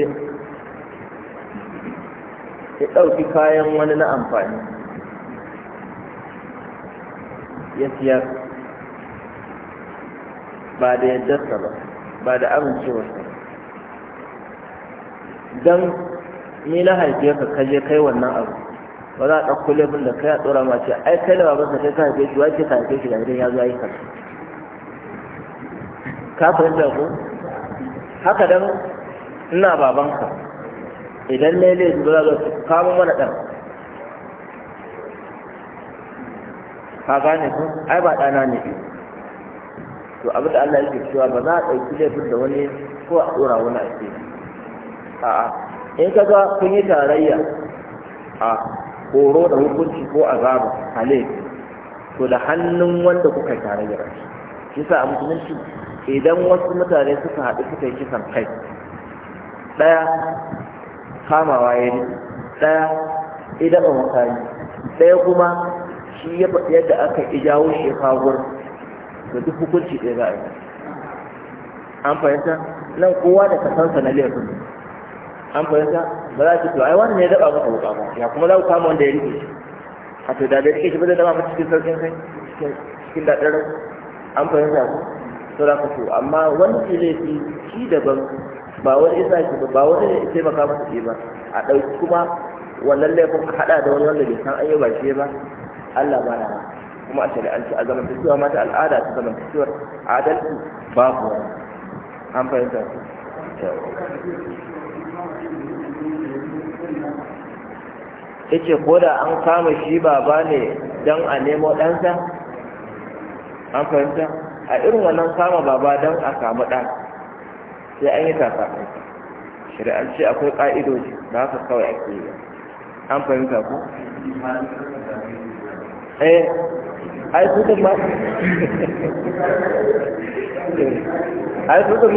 ya ɗauki kayan wani na amfani ya siyar ba da yaddarsa ba ba da amincewarsa don ni na haife ka kaje kai wannan abu ba za a ɗauko laifin da kai a tsora ma ce ai kai da babansa kai ka haife shi wa ka haife shi da gidan ya zo ayi kasu ka fahimta ko haka dan ina babanka idan ne ne za ka kamo mana ɗan ka gane ko ai ba ɗana ne to abin da Allah yake cewa ba za a ɗauki laifin da wani ko a ɗora wani a ce a'a in ka ga kun yi tarayya a horo da hukunci ko azaba halin to da hannun wanda kuka tarayya ba shi sa a musulunci idan wasu mutane suka haɗu suka yi kisan kai ɗaya kamawa ya yi ɗaya idan ba mutane ɗaya kuma shi yadda aka ijawo shi kawo da duk hukunci ɗaya za a yi an fahimta nan kowa da kasansa na laifin an fahimta ba za a fito. ai wani ne ya daba maka wuka ba ya kuma za ku kama wanda ya rike a to da bai rike shi ba zai daba ba cikin sauƙin kai cikin daɗin rai an fahimta ku to za ka so amma wani laifi shi daban ba wani isa shi ba ba wani ne ya taimaka masa shi ba a ɗauki kuma wannan laifin a haɗa da wani wanda bai san ayyuka shi ba Allah ba na kuma a shari'anci a tafiya mata al'ada ta zamantakewar adalci babu wani an fahimta ce ko da an kama shi baba ne don a nemo ɗansa an fahimta a irin wannan kama baba don a kama ɗan sai an yi tafa shari'arci akwai ƙa'idoji da haka kawai ake yi an fahimta ku? eh ai su din ma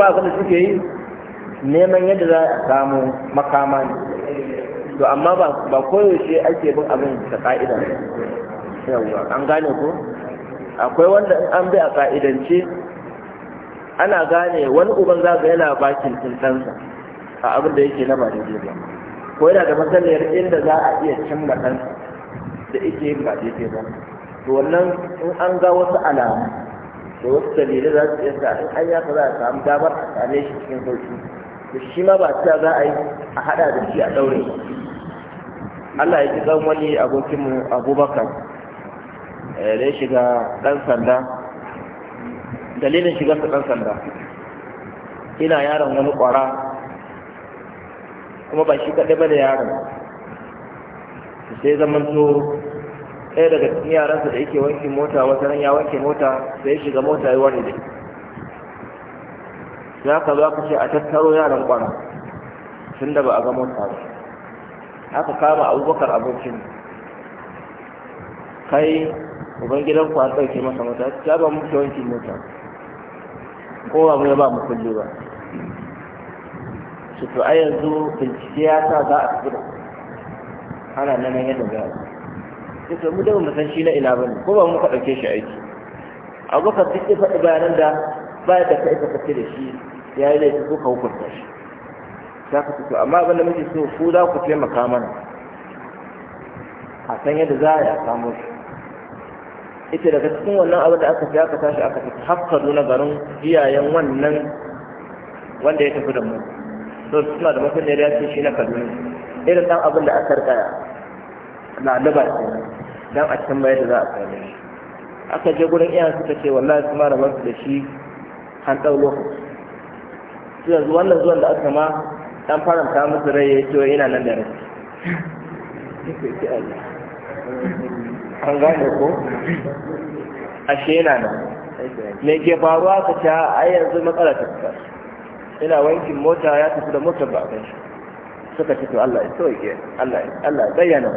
su da suke yi neman yadda za a samu makama ne to amma ba koyaushe ake bin abin da ka'ida yawwa an gane ko akwai wanda in an bi a ka'idance ana gane wani uban za ga yana bakin tuntansa a abin da yake na ba daidai ba ko yana da matsalar inda za a iya cimma ɗansa da ike yin ba daidai ba to wannan in an ga wasu alamu da wasu dalilai za su iya sa in an yaka za a samu damar a same shi cikin sauki to shi ma ba ta za a yi a haɗa da shi a ɗaure Allah ya ji wani abokinmu abubakar eh, da ya shiga ɗan sanda dalilin sa ɗan sanda ina yaron wani ƙwara kuma ba shi kaɗai ba da yaron sai zamanto ɗaya daga cikin yaransa da yake wanke mota wata ran ya wanke mota ya shiga mota ya wani dai za ka zo ka ce a tattaro yaran kwana tun da ba a ga mota ba aka kama abubakar abokin kai gidan ku an ɗauke masa mota ya ba muke wanke mota ko ba mu ya ba mu kulle ba su to a yanzu bincike ya sa za a tafi da ana nan yadda za a ya ce mu da mu san shi na ina bane ko ba mu ka dauke shi aiki abubakar duk ya faɗi bayanan da ba da kai ka kace da shi ya yi laifi ko ka hukunta shi ta ka fito amma abin da muke so ku za ku taimaka mana a san yadda za a yi samu shi ita daga cikin wannan abin da aka fi aka tashi aka tafi hafkaru na garin iyayen wannan wanda ya tafi da mu to suna da masaniyar ya ce shi na kaduna irin ɗan abin da aka rikaya lalaba ce don a can bayan da za a same shi aka je gurin iyayen suka ce wallahi su mara masu da shi an ɗau lokaci su yanzu wannan zuwan da aka ma dan faranta musu rai ya ce ina nan da rai an gane ko ashe yana nan me ke faruwa ka ce a yanzu matsala ta fita ina wankin mota ya tafi da motar ba a kai shi suka ce to Allah ya sauke Allah ya bayyana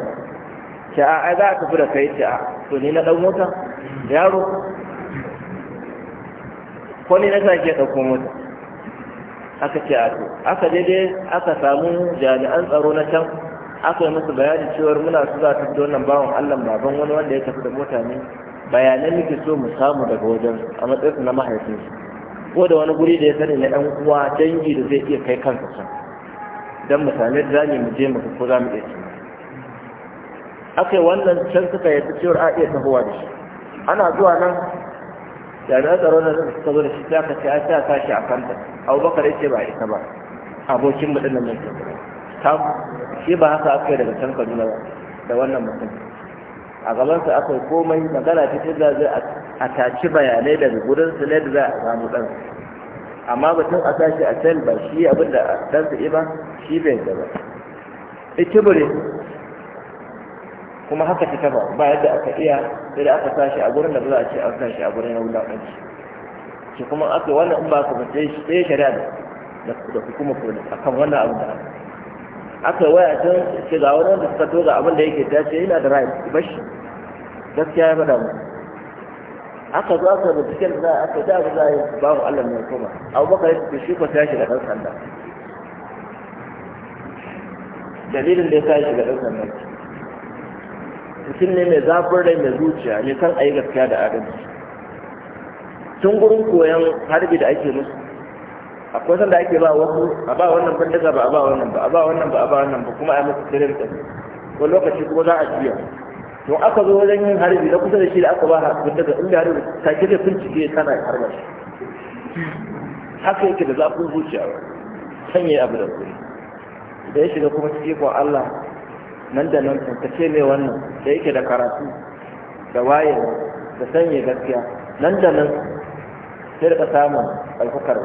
ce a a za a tafi da kai ce a to ni na ɗan mota yaro ko ni na sake dauko mota aka ce a to aka daidai aka samu jami'an tsaro na can aka yi musu bayani cewa muna su za ta wannan bawan allah baban wani wanda ya tafi da mota ne bayanan muke so mu samu daga wajen a matsayinsu na mahaifinsu ko da wani guri da ya sani na 'yan uwa dangi da zai iya kai kansa can don mutane da za je mu ko za mu iya ci aka yi wannan can suka yadda cewar a iya tafowa da shi ana zuwa nan jami'an tsaro na zai suka zo da shi ta ka ce a ta shi a kanta abubakar yake ba ita ba abokin mu dinnan mutum. ta shi ba haka aka yi daga can kaduna ba da wannan mutum a gabansa aka yi komai magana ta ce za a taci bayanai daga gudun su ne da za a samu ɗan amma batun a tashi a can ba shi abin da ɗansa ba, shi bai gaba ikibire kuma haka ta taba ba yadda aka iya sai da aka tashi a gurin da ba za a ce an tashi a gurin yau lakanci shi kuma aka yi wannan in ba ka bace shi sai shari'a da da hukuma a kan wannan abu da aka yi waya tun ce ga wani da suka toga abin da yake ta ce yana da right bashi gaskiya ya faɗa mu aka zo aka binciken da za a aka da za a yi ba mu Allah mai kuma abu ya ce shi ko sai shi da ɗan sanda dalilin da ya sa shi ga ɗan sanda mutum ne mai zafin rai mai zuciya ne kan ayi gaskiya da adalci tun gurin koyon harbi da ake musu akwai da ake ba wasu a ba wannan bandaga ba a ba wannan ba a ba wannan ba a ba wannan ba kuma a musu tirin ɗin wani lokaci kuma za a jiya to aka zo wajen yin harbi na kusa da shi da aka ba bindiga inda harbi ta gida bincike kana harba shi haka yake da zafin zuciya sanya abu da kuri da ya shiga kuma cikin Allah nan da nan tantace mai wannan da yake da karatu da waye da sanya gaskiya nan da nan sai da samun ɗaukakar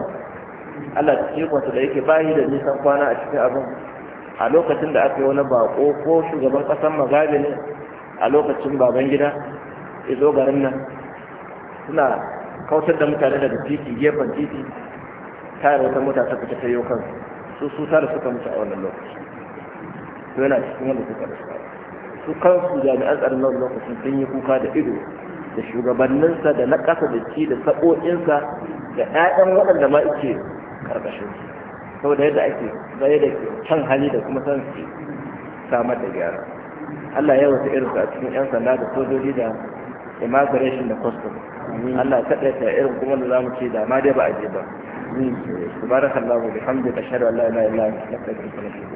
Allah ta ce wasu da yake bayi da nisan kwana a cikin abin a lokacin da aka yi wani bako ko shugaban ƙasar magabi ne a lokacin baban gida ya zo garin nan suna kautar da mutane daga titi gefen titi tare wata mutane ta fita ta yau kansu. su su tare suka mutu a wannan lokaci yana cikin wanda suka rasa su kansu jami'an tsaron nan lokacin sun yi kuka da ido da shugabanninsa da na ƙasa da ci da saɓo'insa da 'ya'yan waɗanda ma ike ƙarƙashin su saboda yadda ake zai da can hali da kuma san su samar da gyara Allah ya wata irinsa a cikin 'yan sanda da sojoji da immigration da custom Allah ya ta irin kuma da zamu ce da ma dai ba a je ba subhanakallahu bihamdika ashhadu an la ilaha illa anta astaghfiruka wa atubu